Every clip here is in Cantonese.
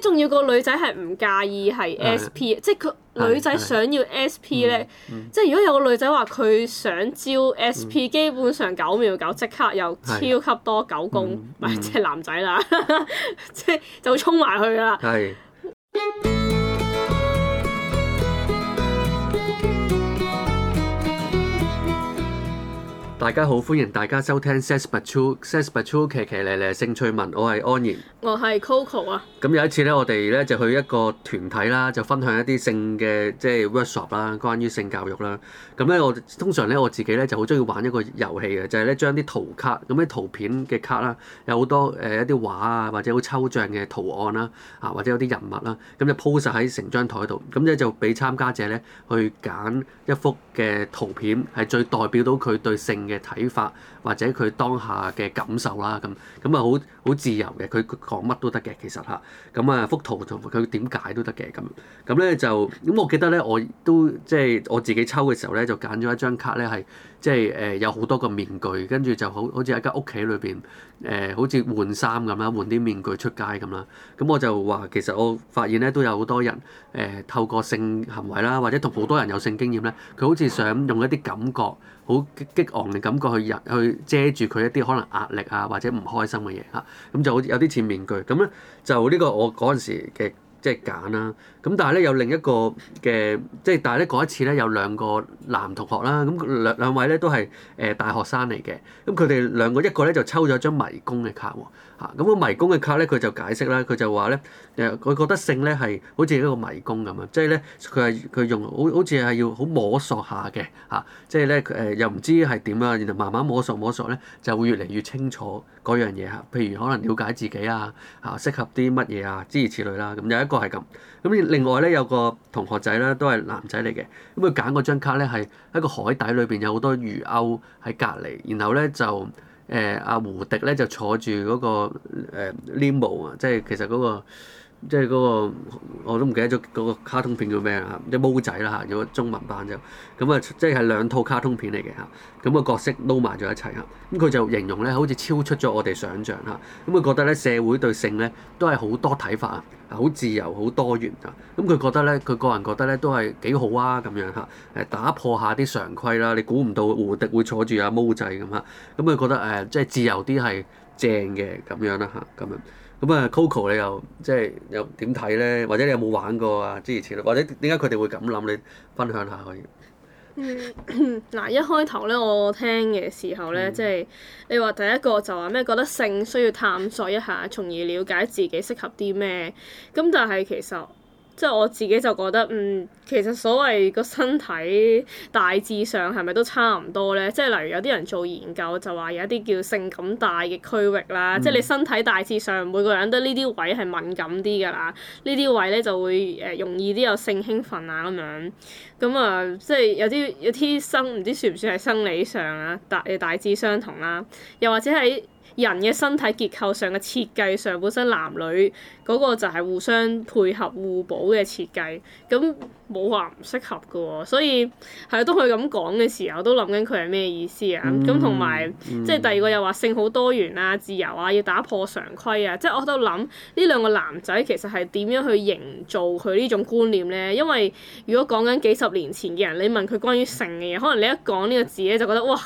仲要個女仔係唔介意係 S.P. 的即係佢女仔想要 S.P. 咧，即係如果有個女仔話佢想招 S.P.，基本上九秒九即刻有超級多狗公，唔係即係男仔啦，即 係就，就衝埋去啦。大家好，歡迎大家收聽 Says But True，Says But True，騎騎咧咧性趣聞，我係安然，我係 Coco 啊。咁有一次咧，我哋咧就去一個團體啦，就分享一啲性嘅即係 workshop 啦，關於性教育啦。咁咧，我通常咧我自己咧就好中意玩一個遊戲嘅，就係、是、咧將啲圖卡，咁啲圖片嘅卡啦，有好多誒、呃、一啲畫啊，或者好抽象嘅圖案啦，啊或者有啲人物啦，咁就 po 曬喺成張台度，咁咧就俾參加者咧去揀一幅嘅圖片係最代表到佢對性。嘅睇法或者佢當下嘅感受啦，咁咁啊好好自由嘅，佢講乜都得嘅，其實嚇咁啊幅圖同佢點解都得嘅，咁咁咧就咁我記得咧，我都即係、就是、我自己抽嘅時候咧，就揀咗一張卡咧係。即係誒有好多個面具，跟住就好好似喺間屋企裏邊誒，好似、呃、換衫咁啦，換啲面具出街咁啦。咁我就話其實我發現咧都有好多人誒、呃、透過性行為啦，或者同好多人有性經驗咧，佢好似想用一啲感覺好激，激昂嘅感覺去入去遮住佢一啲可能壓力啊或者唔開心嘅嘢嚇，咁就好似有啲似面具。咁咧就呢個我嗰陣時嘅即係揀啦。就是咁但係咧有另一個嘅，即係但係咧嗰一次咧有兩個男同學啦，咁兩兩位咧都係誒大學生嚟嘅。咁佢哋兩個一個咧就抽咗張迷宮嘅卡喎嚇。咁、那個迷宮嘅卡咧佢就解釋啦，佢就話咧誒，佢覺得性咧係好似一個迷宮咁樣，即係咧佢係佢用好好似係要好摸索下嘅嚇，即係咧佢誒又唔知係點啦，然後慢慢摸索摸索咧就會越嚟越清楚嗰樣嘢嚇，譬如可能了解自己啊嚇，適合啲乜嘢啊諸如此類啦、啊。咁有一個係咁。咁另外咧有個同學仔咧都係男仔嚟嘅，咁佢揀嗰張卡咧係喺個海底裏邊有好多魚鈎喺隔離，然後咧就誒阿、呃、胡迪咧就坐住嗰、那個誒、呃、NEMO 啊、那個，即係其實嗰個即係嗰個我都唔記得咗嗰個卡通片叫咩啊，嚇，有毛仔啦嚇，有中文版就。就咁啊，即係兩套卡通片嚟嘅嚇，咁、嗯、個角色撈埋咗一齊啊。咁、嗯、佢就形容咧好似超出咗我哋想象啊。咁、嗯、佢、嗯、覺得咧社會對性咧都係好多睇法啊。好自由好多元啊！咁、嗯、佢覺得咧，佢個人覺得咧都係幾好啊！咁樣嚇誒打破下啲常規啦，你估唔到胡迪會坐住阿毛仔咁嚇，咁佢覺得誒即係自由啲係正嘅咁樣啦，嚇咁樣咁啊、嗯嗯、Coco a，你又即係又點睇咧？或者你有冇玩過啊之前咧？或者點解佢哋會咁諗？你分享下可以。嗱、嗯，一開頭咧，我聽嘅時候咧，嗯、即係你話第一個就話咩，覺得性需要探索一下，從而了解自己適合啲咩。咁但係其實～即係我自己就覺得，嗯，其實所謂個身體大致上係咪都差唔多咧？即係例如有啲人做研究就話有一啲叫性感帶嘅區域啦，嗯、即係你身體大致上每個人都呢啲位係敏感啲㗎啦，呢啲位咧就會誒、呃、容易啲有性興奮啊咁樣。咁、嗯、啊，即係有啲有啲生唔知算唔算係生理上啊大嘅大、大致相同啦，又或者喺人嘅身體結構上嘅設計上，本身男女。嗰個就係互相配合、互補嘅設計，咁冇話唔適合嘅喎、哦，所以喺當佢咁講嘅時候，都諗緊佢係咩意思啊？咁同埋即係第二個又話性好多元啊、自由啊，要打破常規啊，即、就、係、是、我喺度諗呢兩個男仔其實係點樣去營造佢呢種觀念咧？因為如果講緊幾十年前嘅人，你問佢關於性嘅嘢，可能你一講呢個字咧，就覺得哇，唔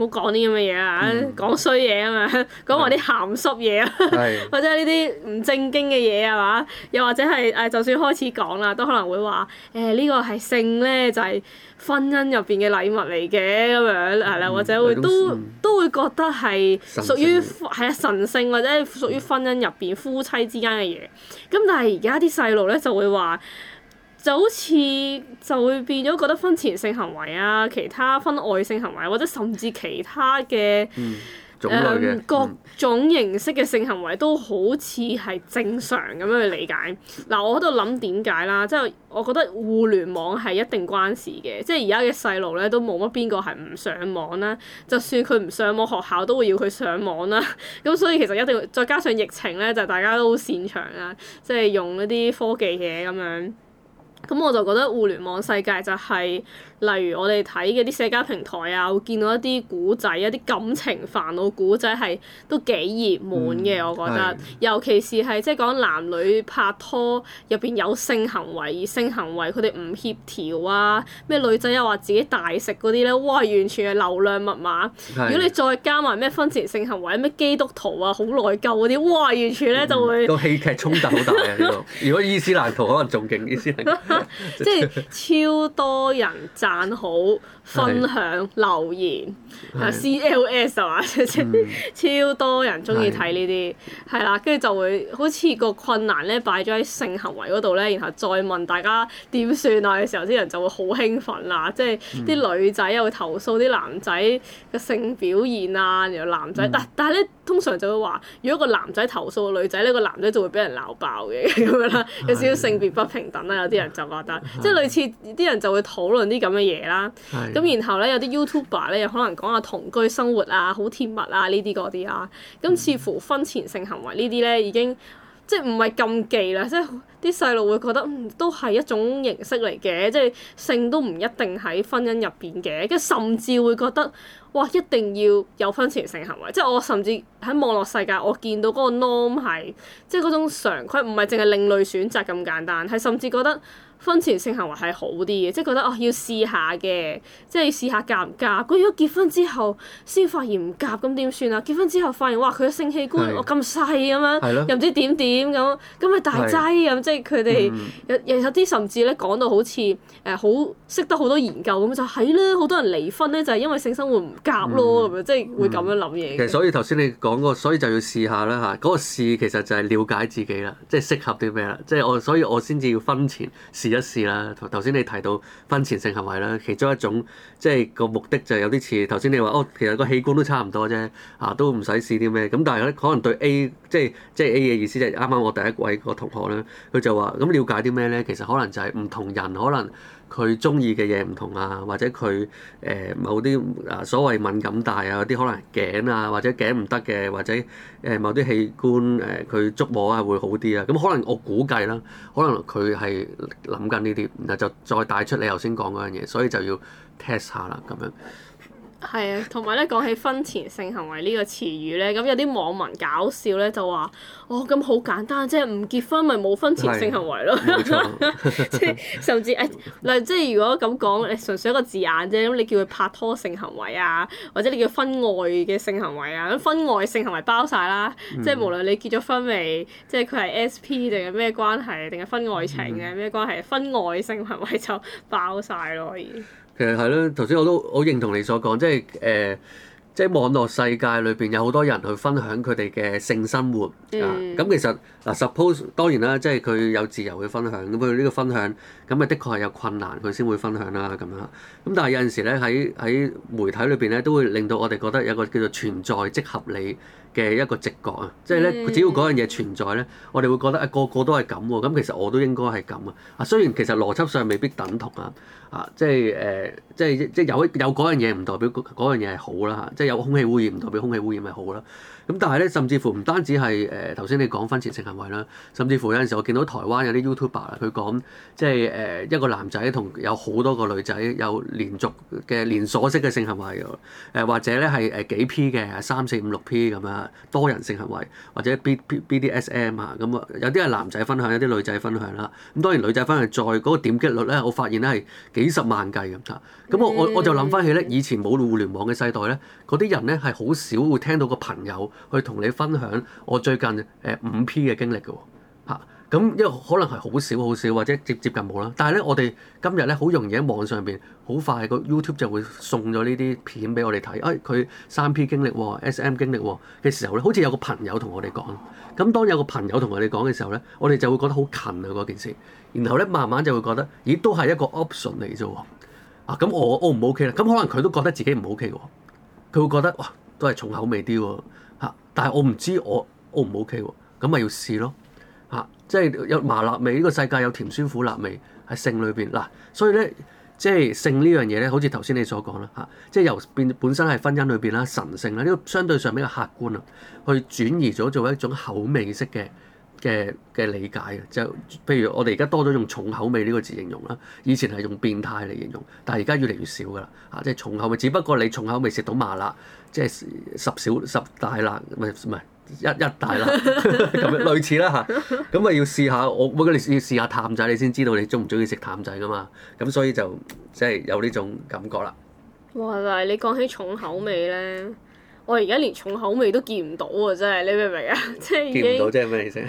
好講啲咁嘅嘢啊，講衰嘢啊嘛，講話啲鹹濕嘢啊，的 或者係呢啲唔正經嘅嘢。嘢係嘛？又或者係誒、呃，就算開始講啦，都可能會話誒，呃呢個、呢個係性咧，就係、係、婚姻入邊嘅禮物嚟嘅咁樣係啦，嗯、或者會都、嗯、都會覺得係屬於係啊，神聖或者屬於婚姻入邊、嗯、夫妻之間嘅嘢。咁但係而家啲細路咧就會話，就好似就會變咗覺得婚前性行為啊，其他婚外性行為或者甚至其他嘅。嗯誒、嗯、各種形式嘅性行為都好似係正常咁樣去理解。嗱、嗯，我喺度諗點解啦？即係我覺得互聯網係一定關事嘅。即係而家嘅細路咧，都冇乜邊個係唔上網啦。就算佢唔上網，學校都會要佢上網啦。咁 所以其實一定會再加上疫情咧，就大家都好擅長啦，即係用一啲科技嘢咁樣。咁我就覺得互聯網世界就係，例如我哋睇嘅啲社交平台啊，會見到一啲古仔，一啲感情煩惱古仔係都幾熱門嘅，我覺得。尤其是係即係講男女拍拖入邊有性行為，而性行為佢哋唔協調啊，咩女仔又話自己大食嗰啲咧，哇！完全係流量密碼。如果你再加埋咩婚前性行為，咩基督徒啊，好內疚嗰啲，哇！完全咧就會。個戲劇衝突好大啊，呢個，如果伊斯蘭徒可能仲勁伊斯蘭。 即係超多人讚好。分享留言啊，CLS 啊，超超多人中意睇呢啲，係啦，跟住就會好似個困難咧擺咗喺性行為嗰度咧，然後再問大家點算啊嘅時候，啲人就會好興奮啊，即係啲女仔又會投訴啲男仔嘅性表現啊，然後男仔，但但係咧通常就會話，如果個男仔投訴個女仔咧，個男仔就會俾人鬧爆嘅咁樣啦，有少少性別不平等啦，有啲人就覺得，即係類似啲人就會討論啲咁嘅嘢啦。咁然後咧，有啲 YouTuber 咧又可能講下同居生活啊，好甜蜜啊呢啲嗰啲啊，咁、啊、似乎婚前性行為呢啲咧已經即係唔係禁忌啦，即係。即啲細路會覺得、嗯、都係一種形式嚟嘅，即係性都唔一定喺婚姻入邊嘅，跟住甚至會覺得哇一定要有婚前性行為，即係我甚至喺網絡世界我見到嗰個 norm 係即係嗰種常規，唔係淨係另類選擇咁簡單，係甚至覺得婚前性行為係好啲嘅，即係覺得哦要試下嘅，即係試下夾唔夾，如果結婚之後先發現唔夾咁點算啊？結婚之後發現哇佢嘅性器官我咁細咁樣，又唔知點點咁，咁咪大劑咁。的即係佢哋有有啲甚至咧講到好似誒好識得好多研究咁就係啦，好多人離婚咧就係因為性生活唔夾咯咁樣，即係會咁樣諗嘢。其實所以頭先你講嗰個，所以就要試下啦嚇。嗰個試其實就係了解自己啦，即係適合啲咩啦。即係我所以我先至要婚前試一試啦。頭先你提到婚前性行為啦，其中一種即係個目的就有啲似頭先你話哦，其實個器官都差唔多啫啊，都唔使試啲咩。咁但係咧可能對 A。即係即係 A 嘅意思，就係啱啱我第一位個同學咧，佢就話：咁了解啲咩咧？其實可能就係唔同人，可能佢中意嘅嘢唔同啊，或者佢誒、呃、某啲所謂敏感帶啊，有啲可能頸啊，或者頸唔得嘅，或者誒某啲器官誒佢、呃、觸摸啊會好啲啊。咁、嗯、可能我估計啦，可能佢係諗緊呢啲，然後就再帶出你頭先講嗰樣嘢，所以就要 test 下啦，咁樣。係啊，同埋咧，講起婚前性行為呢個詞語咧，咁、嗯、有啲網民搞笑咧就話：哦，咁好簡單啫，唔結婚咪冇婚前性行為咯沒錯、 哎。即係甚至誒，即係如果咁講誒，純粹一個字眼啫。咁你叫佢拍拖性行為啊，或者你叫婚外嘅性行為啊，咁婚外性行為包晒啦。嗯、即係無論你結咗婚未，即係佢係 S.P. 定係咩關係，定係婚外情嘅咩關係，婚外，、嗯、婚外性行為就包晒咯，可以。其實係咯，頭先我都好認同你所講，即係誒，即、呃、係、就是、網絡世界裏邊有好多人去分享佢哋嘅性生活、嗯、啊。咁其實嗱、呃、suppose 當然啦，即係佢有自由去分享，咁佢呢個分享咁啊，的確係有困難佢先會分享啦咁樣。咁但係有陣時咧喺喺媒體裏邊咧，都會令到我哋覺得有個叫做存在即合理。嘅一個直覺啊，即係咧，只要嗰樣嘢存在咧，我哋會覺得啊，個個都係咁喎，咁其實我都應該係咁啊。啊，雖然其實邏輯上未必等同啊，啊，即係誒，即係即係有有嗰樣嘢唔代表嗰嗰樣嘢係好啦，即係有空氣污染唔代表空氣污染係好啦。咁但係咧，甚至乎唔單止係誒頭先你講婚前性行為啦，甚至乎有陣時我見到台灣有啲 YouTuber 啊，佢講即係誒一個男仔同有好多個女仔有連續嘅連鎖式嘅性行為，誒、呃、或者咧係誒幾 P 嘅三四五六 P 咁樣，多人性行為或者 B B B, B, B D S M 啊咁啊、嗯，有啲係男仔分享，有啲女仔分享啦。咁、嗯、當然女仔分享再嗰個點擊率咧，我發現咧係幾十萬計咁上下。咁、啊嗯嗯、我我我就諗翻起咧，以前冇互聯網嘅世代咧，嗰啲人咧係好少會聽到個朋友去同你分享我最近誒五 P 嘅經歷嘅喎嚇，咁、啊、因為可能係好少好少或者接接近冇啦。但係咧，我哋今日咧好容易喺網上邊，好快個 YouTube 就會送咗呢啲片俾我哋睇。誒、哎，佢三 P 經歷喎、哦、SM 經歷喎嘅、哦、時候咧，好似有個朋友同我哋講。咁當有個朋友同我哋講嘅時候咧，我哋就會覺得好近啊嗰件事。然後咧，慢慢就會覺得咦都係一個 option 嚟啫喎、哦。啊，咁我 O 唔 O K 咧？咁可，可能佢都覺得自己唔 O K 喎。佢會覺得哇，都係重口味啲喎、哦。嚇！但係我唔知我 O 唔 OK 喎，咁咪要試咯嚇、啊！即係有麻辣味呢、這個世界有甜酸苦辣味係性裏邊嗱，所以咧即係性呢樣嘢咧，好似頭先你所講啦嚇！即係由變本身係婚姻裏邊啦、神性啦，呢、這個相對上比較客觀啊，去轉移咗做一種口味式嘅。嘅嘅理解嘅就，譬如我哋而家多咗用重口味呢個字形容啦，以前係用變態嚟形容，但係而家越嚟越少噶啦，嚇！即係重口味，只不過你重口味食到麻辣，即係十小十大辣，唔係唔係一一大辣， 類似啦嚇，咁啊要試下，我覺得你試試下淡仔，你先知道你中唔中意食淡仔噶嘛，咁所以就即係有呢種感覺啦。哇！但係你講起重口味咧～我而家連重口味都見唔到喎，真係你明唔明啊？ 即係已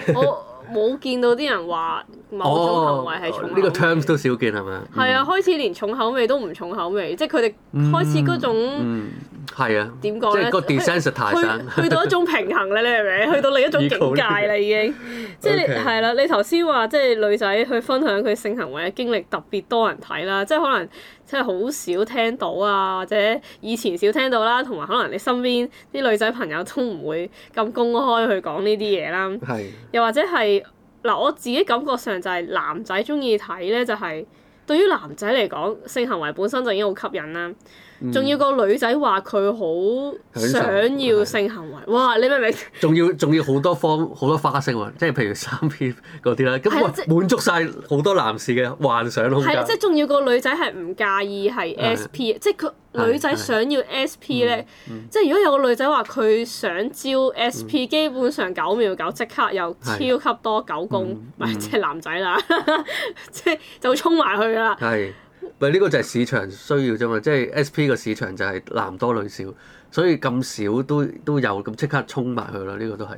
經我冇見到啲人話某種行為係重口味。呢、哦哦呢個 terms 都少見係咪？係啊，嗯、開始連重口味都唔重口味，即係佢哋開始嗰種。嗯嗯係啊，點講咧？即係個 design 實太山，去到一種平衡咧， 你明唔明？去到另一種境界啦，已經，即係係啦。你頭先話即係女仔去分享佢性行為嘅經歷，特別多人睇啦，即係可能即係好少聽到啊，或者以前少聽到啦，同埋可能你身邊啲女仔朋友都唔會咁公開去講呢啲嘢啦。 的又或者係嗱，我自己感覺上就係男仔中意睇咧，就係、係。對於男仔嚟講，性行為本身就已經好吸引啦，仲、嗯、要個女仔話佢好想要性行為，哇！你明唔明？仲要仲要好多方好多花式喎，即係譬如三 P 嗰啲啦，咁的滿足晒好多男士嘅幻想空間。係啊，即係仲要個女仔係唔介意係 S P，的即係佢。女仔想要 SP 咧，呢嗯嗯、即係如果有個女仔話佢想招 SP、嗯、基本上九秒九即刻又超級多狗公，即係的、就是、男仔啦，即係的 就衝埋去啦。係，咪呢、這個就係市場需要啫嘛，即、就、係、是、SP 個市場就係男多女少，所以咁少都都有咁即刻衝埋去啦。呢、這個都係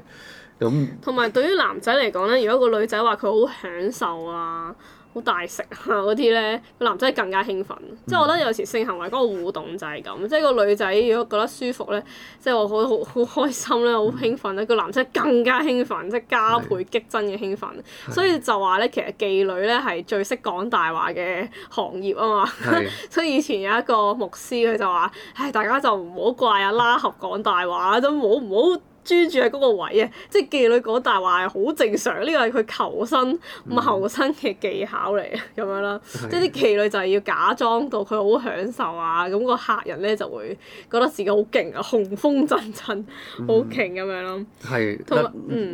咁。同埋對於男仔嚟講咧，如果個女仔話佢好享受啊。好大食啊嗰啲咧，個男仔更加興奮，即係我覺得有時性行為嗰個互動就係咁，嗯、即係個女仔如果覺得舒服咧，即係我好好好開心咧，好興奮咧，個、嗯、男仔更加興奮，即係加倍激增嘅興奮，的所以就話咧，其實妓女咧係最識講大話嘅行業啊嘛，的 所以以前有一個牧師佢就話，唉，大家就唔好怪阿、啊、拉合講大話，都冇唔好。專注喺嗰個位啊，即係妓女講大話係好正常，呢個係佢求生、謀、嗯、生嘅技巧嚟嘅咁樣啦。是即係啲妓女就係要假裝到佢好享受啊，咁個客人咧就會覺得自己好勁啊，雄風陣陣，好勁咁樣咯。係是，有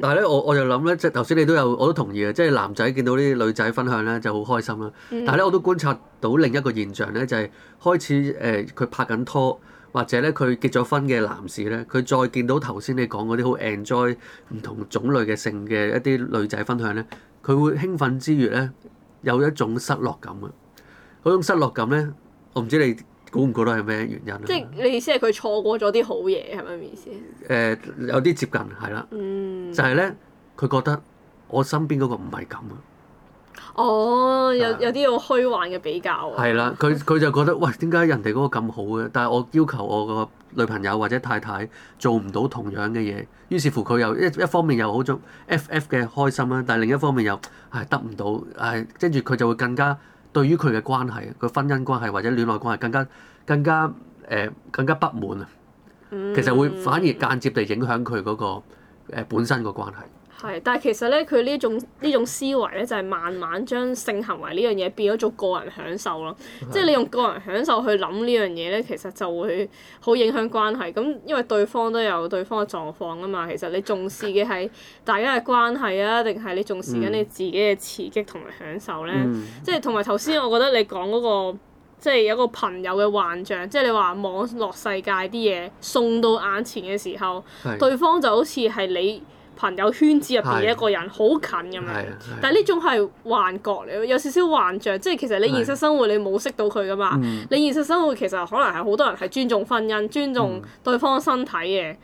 但係咧、嗯，我我就諗咧，即係頭先你都有，我都同意啊。即、就、係、是、男仔見到啲女仔分享咧就好開心啦。嗯、但係咧，我都觀察到另一個現象咧，就係、是、開始誒佢、呃呃、拍緊拖。或者咧，佢結咗婚嘅男士咧，佢再見到頭先你講嗰啲好 enjoy 唔同種類嘅性嘅一啲女仔分享咧，佢會興奮之餘咧，有一種失落感嘅。嗰種失落感咧，我唔知你估唔估到係咩原因啊？即你意思係佢錯過咗啲好嘢，係咪意思？誒、呃，有啲接近係啦，嗯、就係咧，佢覺得我身邊嗰個唔係咁啊。哦，oh, 是有有啲好虛幻嘅比較啊！係啦，佢佢就覺得，喂，點解人哋嗰個咁好嘅，但係我要求我個女朋友或者太太做唔到同樣嘅嘢，於是乎佢又一一方面又好中 FF 嘅開心啦，但另一方面又唉得唔到，唉，跟住佢就會更加對於佢嘅關係，佢婚姻關係或者戀愛關係更加更加誒、呃、更加不滿啊！其實會反而間接地影響佢嗰、嗰個誒、呃、本身個關係。係，但係其實咧，佢呢種呢種思維咧，就係、是、慢慢將性行為呢樣嘢變咗做個人享受咯。的即係你用個人享受去諗呢樣嘢咧，其實就會好影響關係。咁、嗯、因為對方都有對方嘅狀況啊嘛。其實你重視嘅係大家嘅關係啊，定係你重視緊你自己嘅刺激同埋享受咧？嗯、即係同埋頭先，我覺得你講嗰、那個，即係有個朋友嘅幻象，即係你話網絡世界啲嘢送到眼前嘅時候，的對方就好似係你。朋友圈子入邊嘅一個人好是近咁樣，但係呢種係幻覺嚟，有少少幻象，即係其實你現實生活你冇識到佢㗎嘛。是你現實生活其實可能係好多人係尊重婚姻、尊重對方身體嘅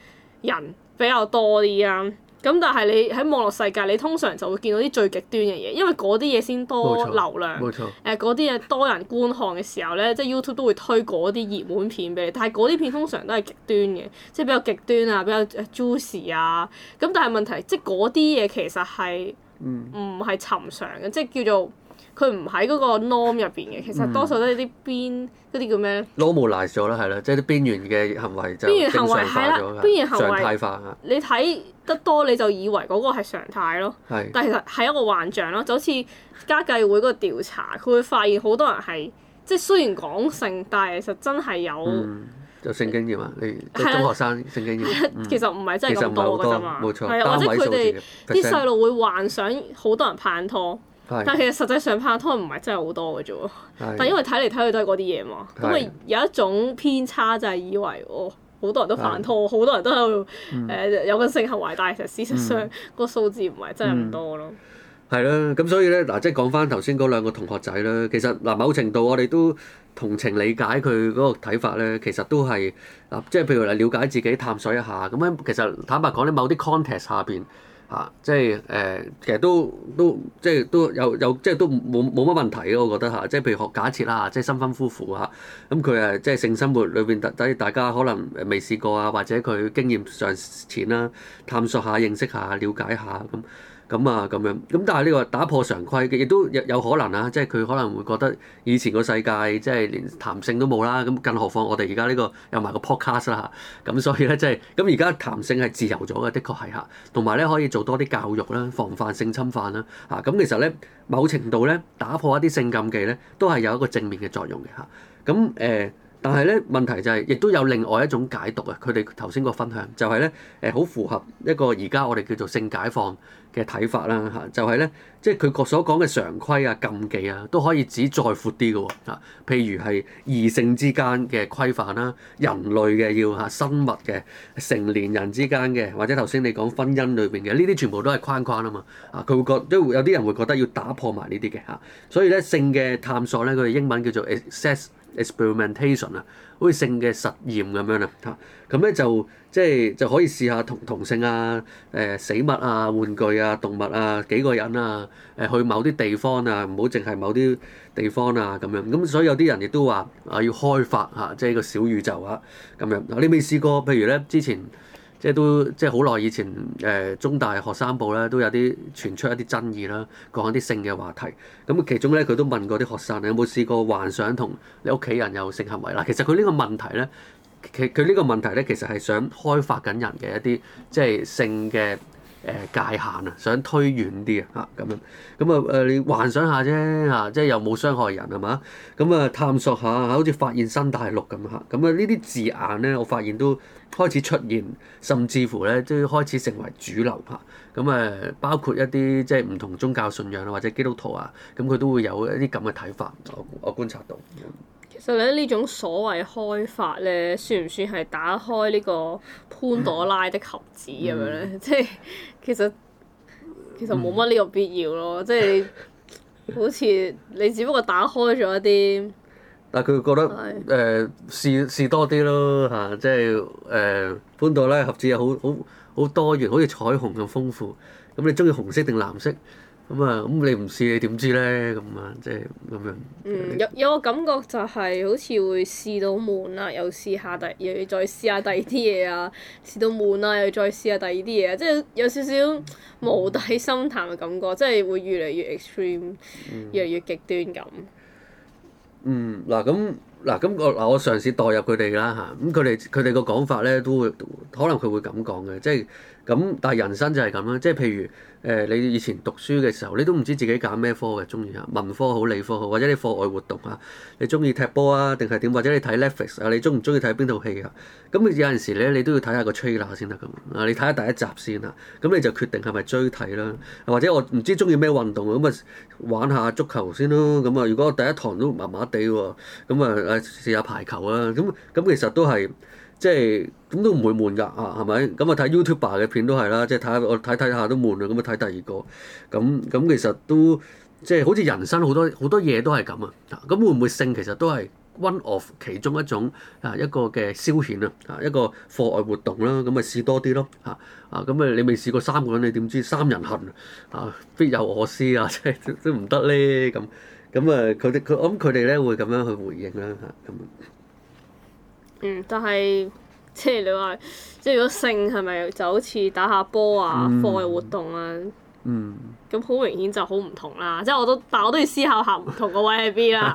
人比較多啲啊。咁、嗯、但係你喺網絡世界，你通常就會見到啲最極端嘅嘢，因為嗰啲嘢先多流量，誒嗰啲嘢多人觀看嘅時候咧，即係 YouTube 都會推嗰啲熱門片俾你。但係嗰啲片通常都係極端嘅，即係比較極端啊，比較 juicy 啊。咁、嗯、但係問題即係嗰啲嘢其實係唔係尋常嘅，即係叫做。佢唔喺嗰個 norm 入邊嘅，其實多數都係啲邊嗰啲、嗯、叫咩咧 normalize 咗啦，係啦，即係啲邊緣嘅行為，就邊緣行為係啦，邊緣行為常態化，你睇得多你就以為嗰個係常態咯，的但係其實係一個幻象咯。就好似家計會嗰個調查，佢會發現好多人係即係雖然講性，但係其實真係有就、嗯、性經驗啊，你中學生的性經驗，其實唔係真係咁多嘅啫嘛，係錯對或者佢哋啲細路會幻想好多人拍拖。但係其實實際上拍拖唔係真係好多嘅啫喎，是但係因為睇嚟睇去都係嗰啲嘢嘛，咁咪是有一種偏差就係以為哦好多人都拍拖，好是多人都係誒有個、嗯呃、性行為，但係其實事實上、嗯、個數字唔係真係咁多咯。係咯、嗯，咁、嗯、所以咧嗱，即係講翻頭先嗰兩個同學仔啦。其實嗱某程度我哋都同情理解佢嗰個睇法咧，其實都係嗱，即係譬如嚟了解自己探索一下，咁樣其實坦白講咧，你某啲 context 下邊。嚇、啊，即係誒、呃，其實都都即係都有有即係都冇冇乜問題咯、啊，我覺得嚇、啊，即係譬如學假設啦、啊，即係新婚夫婦嚇、啊，咁佢誒即係性生活裏邊，等等大家可能未試過啊，或者佢經驗上淺啦、啊，探索下、認識下、了解下咁。嗯。咁啊，咁樣咁，但係呢個打破常規嘅，亦都有有可能啊，即係佢可能會覺得以前個世界即係連談性都冇啦，咁更何況我哋而家呢個有埋個 podcast 啦嚇，咁所以咧即係咁而家談性係自由咗嘅，的確係嚇，同埋咧可以做多啲教育啦，防範性侵犯啦嚇，咁、啊、其實咧某程度咧打破一啲性禁忌咧都係有一個正面嘅作用嘅嚇，咁、啊、誒，但係咧問題就係、是、亦都有另外一種解讀啊，佢哋頭先個分享就係咧誒好符合一個而家我哋叫做性解放。嘅睇法啦嚇，就係咧，即係佢所講嘅常規啊、禁忌啊，都可以指再闊啲嘅喎。譬如係異性之間嘅規範啦、啊、人類嘅要嚇、啊、生物嘅成年人之間嘅，或者頭先你講婚姻裏邊嘅，呢啲全部都係框框啊嘛啊，佢會覺都會有啲人會覺得要打破埋呢啲嘅嚇。所以咧，性嘅探索咧，佢哋英文叫做 sex experimentation 啊。會性嘅實驗咁樣啊，嚇咁咧就即係、就是、就可以試下同同性啊、誒、呃、死物啊、玩具啊、動物啊、幾個人啊、誒、呃、去某啲地方啊，唔好淨係某啲地方啊咁樣。咁所以有啲人亦都話啊，要開發嚇、啊，即、就、係、是、個小宇宙啊咁樣。你未試過？譬如咧，之前。即係都即係好耐以前，誒、呃、中大學生報咧都有啲傳出一啲爭議啦，講啲性嘅話題。咁其中咧，佢都問過啲學生你有冇試過幻想同你屋企人有性行為。嗱，其實佢呢個問題咧，其佢呢個問題咧，其實係想開發緊人嘅一啲即係性嘅。誒界限啊，想推遠啲啊，嚇咁樣，咁啊誒，你幻想下啫嚇、啊，即係又冇傷害人係嘛？咁啊探索下，好似發現新大陸咁嚇，咁啊呢啲字眼咧，我發現都開始出現，甚至乎咧即係開始成為主流嚇。咁啊，包括一啲即係唔同宗教信仰啊，或者基督徒啊，咁佢都會有一啲咁嘅睇法。我我觀察到。其實咧，呢種所謂開發咧，算唔算係打開呢個潘朵拉的盒子咁樣咧？即係、嗯。嗯。其實其實冇乜呢個必要咯，嗯、即係好似你只不過打開咗一啲，但係佢覺得誒的、呃、試試多啲咯嚇、啊，即係誒寬度咧，盒子又好好好多元，好似彩虹咁豐富。咁你鍾意紅色定藍色？咁啊，咁你唔試你點知咧？咁啊，即係咁樣。嗯，有有個感覺就係好似會試到悶啦，又試下第，又要再試下第二啲嘢啊，試到悶啦，又再試下第二啲嘢啊，即係有少少無底深潭嘅感覺，嗯、即係會越嚟越 extreme，嗯、越嚟越極端咁、嗯。嗯，嗱咁，嗱咁我嗱我嘗試代入佢哋啦嚇，咁佢哋佢哋個講法咧都會，可能佢會咁講嘅，即係咁，但係人生就係咁啦，即係譬如。誒、欸，你以前讀書嘅時候，你都唔知自己揀咩科嘅，中意啊，文科好，理科好，或者你課外活動啊，你中意踢波啊，定係點？或者你睇 Netflix 啊，你中唔中意睇邊套戲啊？咁有陣時咧，你都要睇下個 trailer 先得噶嘛。你睇下第一集先啦，咁、啊、你就決定係咪追睇啦、啊？或者我唔知中意咩運動啊，咁咪玩下足球先咯。咁啊，如果我第一堂都麻麻地喎，咁啊誒試下排球啊。咁、啊、咁、啊、其實都係即係，咁都唔會悶㗎啊？係咪？咁啊睇 YouTube 嘅片都係啦，即係睇下，我睇睇下都悶啊。咁啊睇。第二個咁，咁其實都即係、就是、好似人生好多好多嘢都係咁啊！咁會唔會性其實都係 one of 其中一種啊，一個嘅消遣啊，啊一個課外活動啦，咁咪試多啲咯，嚇啊，咁啊你未試過三個人，你點知三人行啊，必有我師啊，即係 都唔得咧，咁，咁啊佢哋、佢我諗佢哋咧會咁樣去回應啦，嚇，咁嗯，但係。即係你話，即係如果性，係咪就好似打下波啊，嗯、課外活動啊，咁好、嗯、明顯就好唔同啦。嗯、即係我都，但係我都要思考下唔同個位喺邊啦。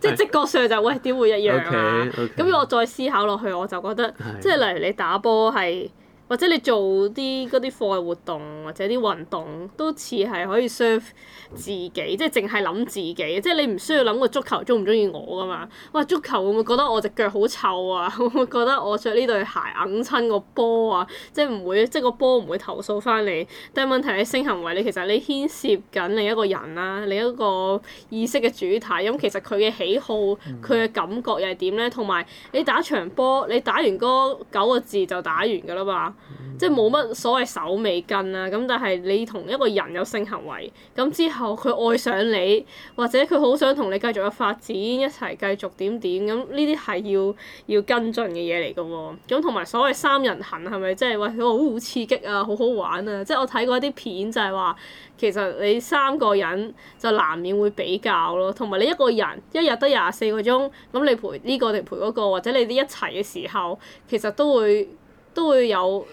即係 直覺上就喂、是、點 會一樣啊？咁如果我 Okay, okay. 再思考落去，我就覺得，即係 例如你打波係。或者你做啲嗰啲課外活動，或者啲運動都似係可以 serve 自己，即係淨係諗自己，即係你唔需要諗個足球中唔中意我噶嘛？哇！足球會唔會覺得我隻腳好臭啊？ 會唔會覺得我著呢對鞋硬親個波啊？即係唔會，即係個波唔會投訴翻你。但問題係性行為你其實你牽涉緊另一個人啦、啊，另一個意識嘅主體，咁、嗯、其實佢嘅喜好、佢嘅感覺又係點咧？同埋你打場波，你打完嗰九個字就打完㗎啦嘛～即係冇乜所謂手尾跟啦、啊，咁但係你同一個人有性行為，咁之後佢愛上你，或者佢好想同你繼續發展一齊繼續點點，咁呢啲係要要跟進嘅嘢嚟㗎喎。咁同埋所謂三人行係咪即係喂佢好好刺激啊，好好玩啊？即係我睇過一啲片就係話，其實你三個人就難免會比較咯，同埋你一個人一日得廿四個鐘，咁你陪呢個定陪嗰、那個，或者你哋一齊嘅時候，其實都會。都會有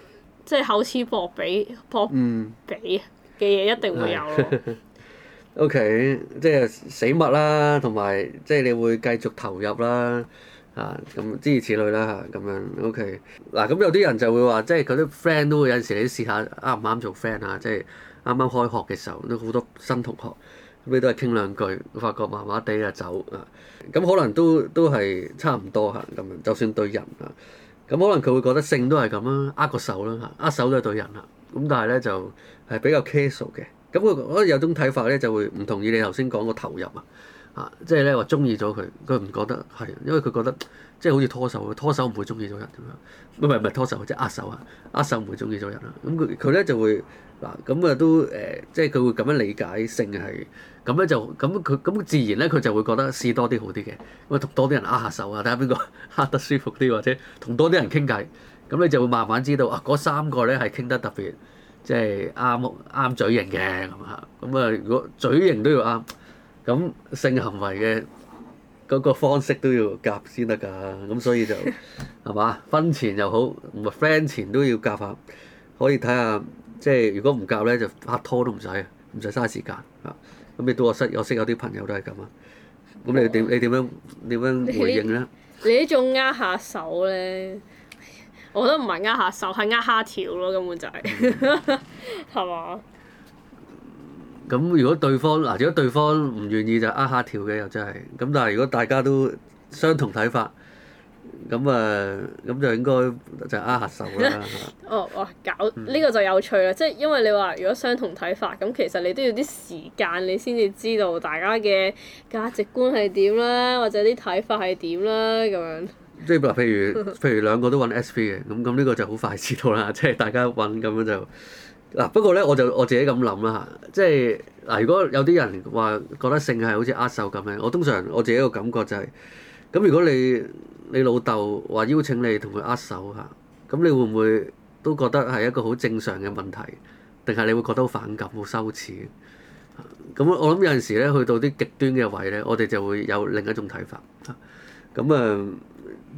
即係口齒薄比搏比嘅嘢，嗯、一定會有 O、okay, K，即係死物啦，同埋即係你會繼續投入啦，啊咁諸如此類啦嚇咁樣。O K，嗱咁有啲人就會話，即係嗰啲 friend 都會有時你試下啱唔啱做 friend 啊，即係啱啱開學嘅時候都好多新同學，咁你都係傾兩句，發覺麻麻地啊走啊，咁可能都都係差唔多嚇咁樣，就算對人啊。咁可能佢會覺得性都係咁啦，握個手啦嚇，握手都係對人啦、啊。咁但係咧就係、是、比較 casual 嘅。咁我覺得有種睇法咧，就會唔同意你頭先講個投入啊。即係咧，我中意咗佢，佢唔覺得係，因為佢覺得即係好似拖手，拖手唔會中意咗人咁樣，唔係唔係拖手，或者握手啊，握手唔會中意咗人啦。咁佢佢咧就會嗱，咁啊都誒、呃，即係佢會咁樣理解性係咁咧，就咁佢咁自然咧，佢就會覺得試多啲好啲嘅，咁啊同多啲人握下手啊，睇下邊個握得舒服啲，或者同多啲人傾偈，咁咧就會慢慢知道啊嗰三個咧係傾得特別即係啱啱嘴型嘅咁啊，咁啊如果嘴型都要啱。咁性行為嘅嗰、嗰個方式都要夾先得㗎，咁所以就係嘛， 婚前又好，唔係 friend 前都要夾下，可以睇下，即係如果唔夾咧，就拍拖都唔使，唔使嘥時間啊。咁你到我識我識有啲朋友都係咁啊。咁你點你點樣點樣回應咧？你都仲握下手咧，我覺得唔係握下手，係握下條咯根本就係，係 嘛？咁如果對方嗱，如果對方唔願意就呃下條嘅又真係。咁但係如果大家都相同睇法，咁啊，咁就應該就呃下手啦。哦 哦，哇搞呢、呢個就有趣啦。即係、嗯、因為你話如果相同睇法，咁其實你都要啲時間你先至知道大家嘅價值觀係點啦， 或者啲睇法係點啦咁樣。即係譬如、譬如兩個都揾 SP 嘅，咁，咁呢個就好快就知道啦。即、就、係、是、大家揾咁樣就。嗱、啊，不過咧，我就我自己咁諗啦嚇，即係嗱、啊，如果有啲人話覺得性係好似握手咁樣，我通常我自己個感覺就係、是、咁、啊。如果你你老豆話邀請你同佢握手嚇，咁、啊、你會唔會都覺得係一個好正常嘅問題，定係你會覺得好反感、好羞恥？咁、啊啊、我諗有陣時咧，去到啲極端嘅位咧，我哋就會有另一種睇法嚇。咁、啊、誒、啊，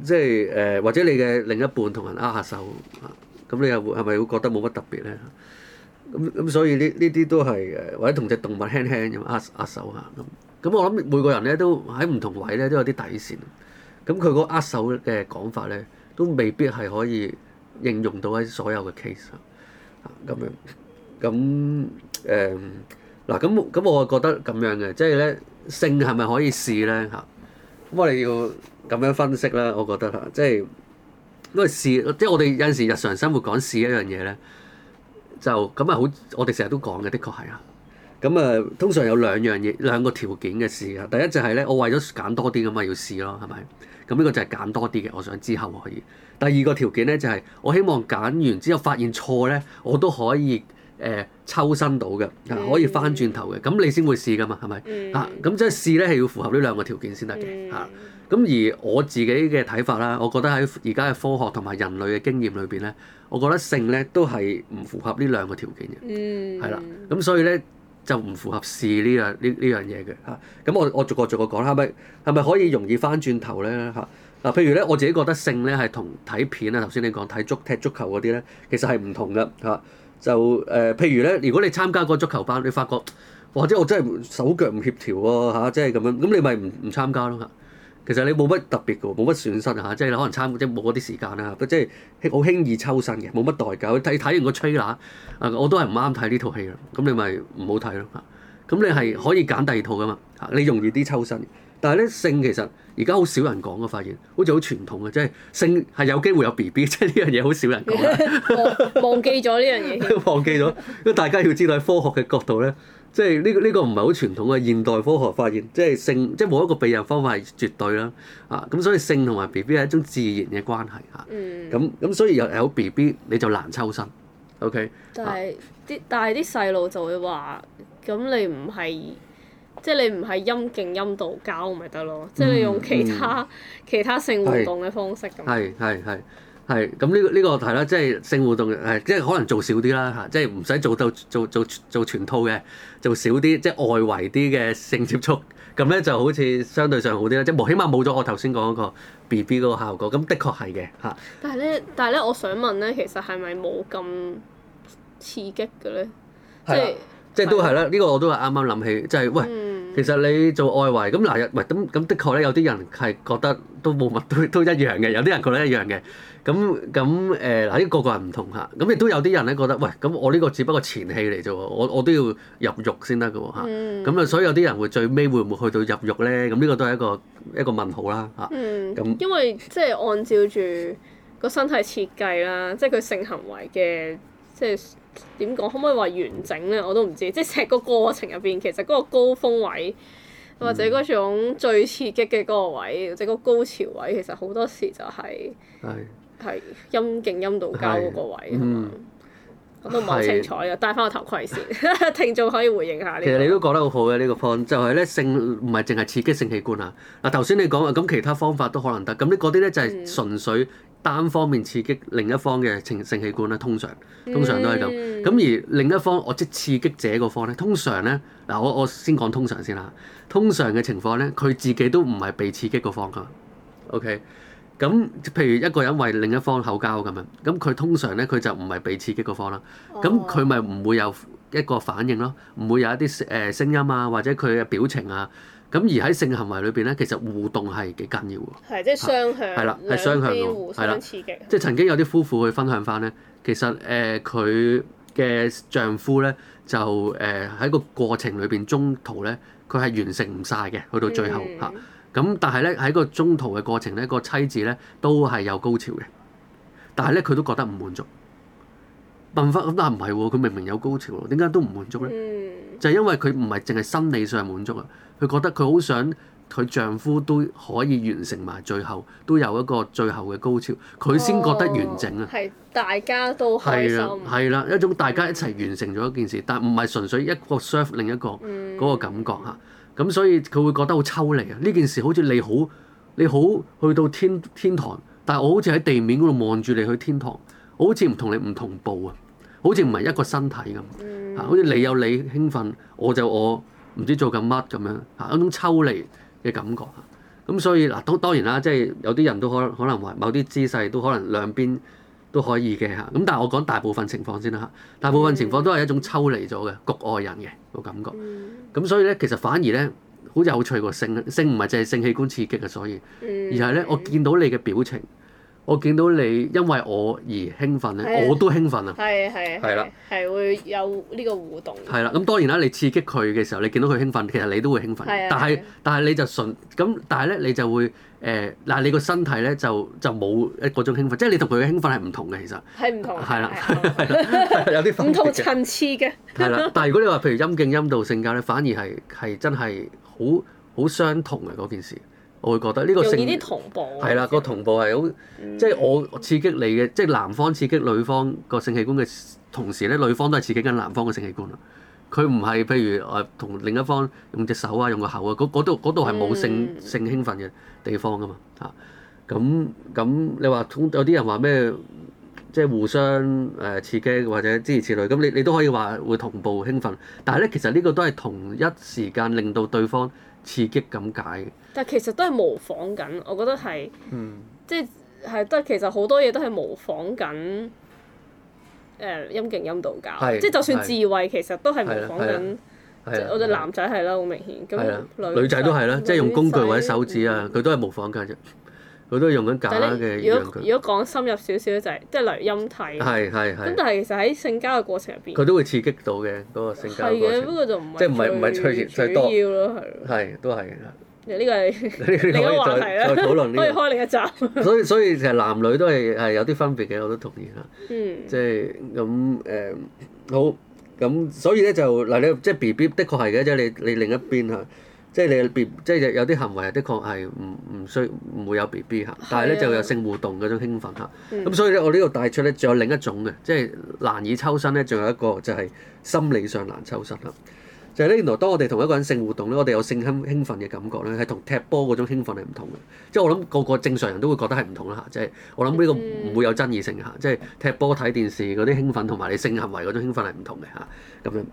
即係誒、呃，或者你嘅另一半同人握手嚇，咁、啊啊、你又會係咪會覺得冇乜特別咧？咁咁所以呢呢啲都係誒，或者同隻動物輕輕咁握握手下。咁。咁我諗每個人咧都喺唔同位咧都有啲底線。咁佢嗰握手嘅講法咧，都未必係可以應用到喺所有嘅 case 咁樣。咁誒嗱咁咁我覺得咁樣嘅，即係咧性係咪可以試咧嚇？咁我哋要咁樣分析啦，我覺得嚇，即係因為試，即係我哋有陣時日常生活講試一樣嘢咧。就咁啊，好！我哋成日都講嘅，的確係啊。咁啊，通常有兩樣嘢，兩個條件嘅試啊。第一就係咧，我為咗揀多啲咁咪要試咯，係咪？咁呢個就係揀多啲嘅，我想之後可以。第二個條件咧就係、是，我希望揀完之後發現錯咧，我都可以誒、呃、抽身到嘅，可以翻轉頭嘅，咁、mm. 你先會試噶嘛，係咪？Mm. 啊，咁即係試咧係要符合呢兩個條件先得嘅，嚇、mm. 啊。咁而我自己嘅睇法啦，我覺得喺而家嘅科學同埋人類嘅經驗裏邊咧，我覺得性咧都係唔符合呢兩個條件嘅，係啦、嗯。咁所以咧就唔符合試呢樣呢呢樣嘢嘅嚇。咁、啊、我我逐個逐個講，係咪係咪可以容易翻轉頭咧嚇？嗱、啊，譬如咧，我自己覺得性咧係同睇片啊，頭先你講睇足踢足球嗰啲咧，其實係唔同嘅嚇、啊。就誒、呃，譬如咧，如果你參加個足球班，你發覺或者我真係手腳唔協調喎，即係咁樣，咁你咪唔唔參加咯嚇。啊。其實你冇乜特別嘅，冇乜損失啊！即係可能參即係冇嗰啲時間啦，即係好輕易抽身嘅，冇乜代價。睇睇完個 trailer，我都係唔啱睇呢套戲啦。咁你咪唔好睇咯。咁你係可以揀第二套噶嘛？你容易啲抽身。但係咧，性其實而家好少人講嘅，我發現好似好傳統嘅，即係性係有機會有 B B，即係呢樣嘢好少人講。 忘記咗呢樣嘢。忘記咗，大家要知道喺科學嘅角度咧。即係呢個呢個唔係好傳統嘅現代科學發現，即係性即係冇一個避孕方法係絕對啦啊！咁所以性同埋 B B 係一種自然嘅關係嚇，咁、啊、咁、嗯啊、所以有有 B B 你就難抽身，OK？、啊、但係啲但係啲細路就會話，咁你唔係即係你唔係陰莖陰道交咪得咯，即係、嗯、你用其他、嗯、其他性活動嘅方式咁是。係係樣係咁呢個呢個係啦，即係、就是、性活動誒，即係可能做少啲啦嚇，即係唔使做到做做做全套嘅，做少啲即係外圍啲嘅性接觸，咁咧就好似相對上好啲啦，即係冇，起碼冇咗我頭先講嗰個 BB 嗰個效果，咁的確係嘅嚇。但係咧，但係咧，我想問咧，其實係咪冇咁刺激嘅咧？即係即係都係啦，呢的個我都係啱啱諗起，即、就、係、是、喂。嗯其實你做外圍咁嗱，喂咁咁的確咧，有啲人係覺得都冇乜都都一樣嘅，有啲人覺得一樣嘅。咁咁誒嗱，呢、呃、個個人唔同嚇。咁亦都有啲人咧覺得，喂咁我呢個只不過前戲嚟啫喎，我我都要入肉先得㗎喎嚇。咁啊、嗯，所以有啲人會最尾會唔會去到入肉咧？咁呢個都係一個一個問號啦嚇。咁、嗯、咁因為即係按照住個身體設計啦，即係佢性行為嘅即係。就是點講可唔可以話完整咧？我都唔知，即係成個過程入邊，其實嗰個高峰位或者嗰種最刺激嘅嗰個位，即係、嗯、個高潮位，其實好多時就係、是、係是陰莖陰道交嗰個位啊嘛。是吧都唔係好清楚嘅，是戴翻個頭盔先， 聽眾可以回應下呢、這個。其實你都講得好好嘅呢個 point 就係、是、咧性唔係淨係刺激性器官啊。嗱頭先你講啊，咁其他方法都可能得。咁呢嗰啲咧就係純粹單方面刺激另一方嘅情性，性器官啦。通常，通常都係咁。咁、嗯、而另一方，我即係刺激者嗰方咧，通常咧嗱，我我先講通常先啦。通常嘅情況咧，佢自己都唔係被刺激嗰方噶，OK。咁譬如一個人為另一方口交咁樣，咁佢通常咧佢就唔係被刺激嗰方啦，咁佢咪唔會有一個反應咯，唔會有一啲誒聲音啊或者佢嘅表情啊，咁而喺性行為裏邊咧，其實互動係幾緊要㗎。係即係雙向，係啦，係雙向嘅，係啦，刺激。即係曾經有啲夫婦去分享返咧，其實誒佢嘅丈夫咧就誒喺、呃、個過程裏邊中途咧，佢係完成唔晒嘅，去到最後吓。嗯咁但係咧喺個中途嘅過程咧，個妻子咧都係有高潮嘅，但係咧佢都覺得唔滿足。問翻咁啊，但係唔係喎，佢明明有高潮喎，點解都唔滿足咧？嗯、就係因為佢唔係淨係心理上滿足啊，佢覺得佢好想佢丈夫都可以完成埋最後，都有一個最後嘅高潮，佢先覺得完整啊。係、哦、大家都開心。係啦，係啦，一種大家一齊完成咗一件事，嗯、但唔係純粹一個 serve 另一個嗰、嗯、個感覺嚇。咁所以佢會覺得好抽離啊！呢件事好似你好你好去到天天堂，但係我好似喺地面嗰度望住你去天堂，我好似唔同你唔同步啊，好似唔係一個身體咁啊，嗯、好似你有你興奮，我就我唔知做緊乜咁樣啊，嗰種抽離嘅感覺啊，咁所以嗱，當當然啦，即係有啲人都可可能話某啲姿勢都可能兩邊，都可以嘅嚇，咁但係我講大部分情況先啦嚇，大部分情況都係一種抽離咗嘅局外人嘅個感覺，咁、嗯、所以咧其實反而咧好有趣個性性唔係淨係性器官刺激嘅，所以而係咧我見到你嘅表情，我見到你因為我而興奮咧，嗯、我都興奮啊，係啊係啊，係啦、啊，係、啊、會有呢個互動嘅，係啦、啊，咁當然啦，你刺激佢嘅時候，你見到佢興奮，其實你都會興奮，啊啊、但係但係你就純咁，但係咧你就會。誒嗱、呃，你個身體咧就就冇一嗰種興奮，即係你同佢嘅興奮係唔同嘅，其實係唔同係啦，係啦、啊， 有啲唔同層次嘅係啦。但係如果你話譬如陰莖陰道性格咧，反而係係真係好好相同嘅嗰件事，我會覺得呢個性係啦、個同步係好即係我刺激你嘅，即係男方刺激女方個性器官嘅同時咧，女方都係刺激緊男方嘅性器官啦。佢唔係譬如誒、呃、同另一方用隻手啊，用個口啊，嗰嗰度嗰度係冇性、嗯、性興奮嘅地方㗎嘛嚇。咁、啊、咁你話通有啲人話咩，即係互相誒刺激或者之類之類。咁你你都可以話會同步興奮，但係咧其實呢個都係同一時間令到對方刺激咁解。但係其實都係模仿緊，我覺得係，嗯、即係係都係其實好多嘢都係模仿緊。誒陰莖陰道教，即係就算自慰，其實都係模仿緊，即係我哋男仔係啦，好明顯，咁女仔都係啦，即係用工具或者手指啊，佢都係模仿緊啫，佢都係用緊假嘅。如果如果講深入少少就係即係例如陰蒂，係。咁但係其實喺性交嘅過程入邊，佢都會刺激到嘅嗰個性交。係嘅，不過就唔係最主要咯，係係都係嘅。誒呢個係另一個話題啦， 可以開另一集。 所以所以其實男女都係係有啲分別嘅，我都同意啦。即係咁誒，好咁，所以咧就嗱、呃就是就是、你，即係 B B 的確係嘅啫。你你另一邊啊，即、就、係、是、你即係有啲行為的確係唔唔需唔會有 B B 嚇，但係咧就有性互動嗰種興奮咁、嗯、所以咧，我呢度帶出咧，仲有另一種嘅，即、就、係、是、難以抽身咧，仲有一個就係心理上難抽身啦。但係咧原來當我哋同一個人性活動咧，我哋有性興興奮嘅感覺咧，係同踢波嗰種興奮係唔同嘅。即係我諗個個正常人都會覺得係唔同啦嚇。即係我諗呢個唔會有爭議性嚇。即係踢波睇電視嗰啲興奮同埋你性行為嗰種興奮係唔同嘅嚇。咁樣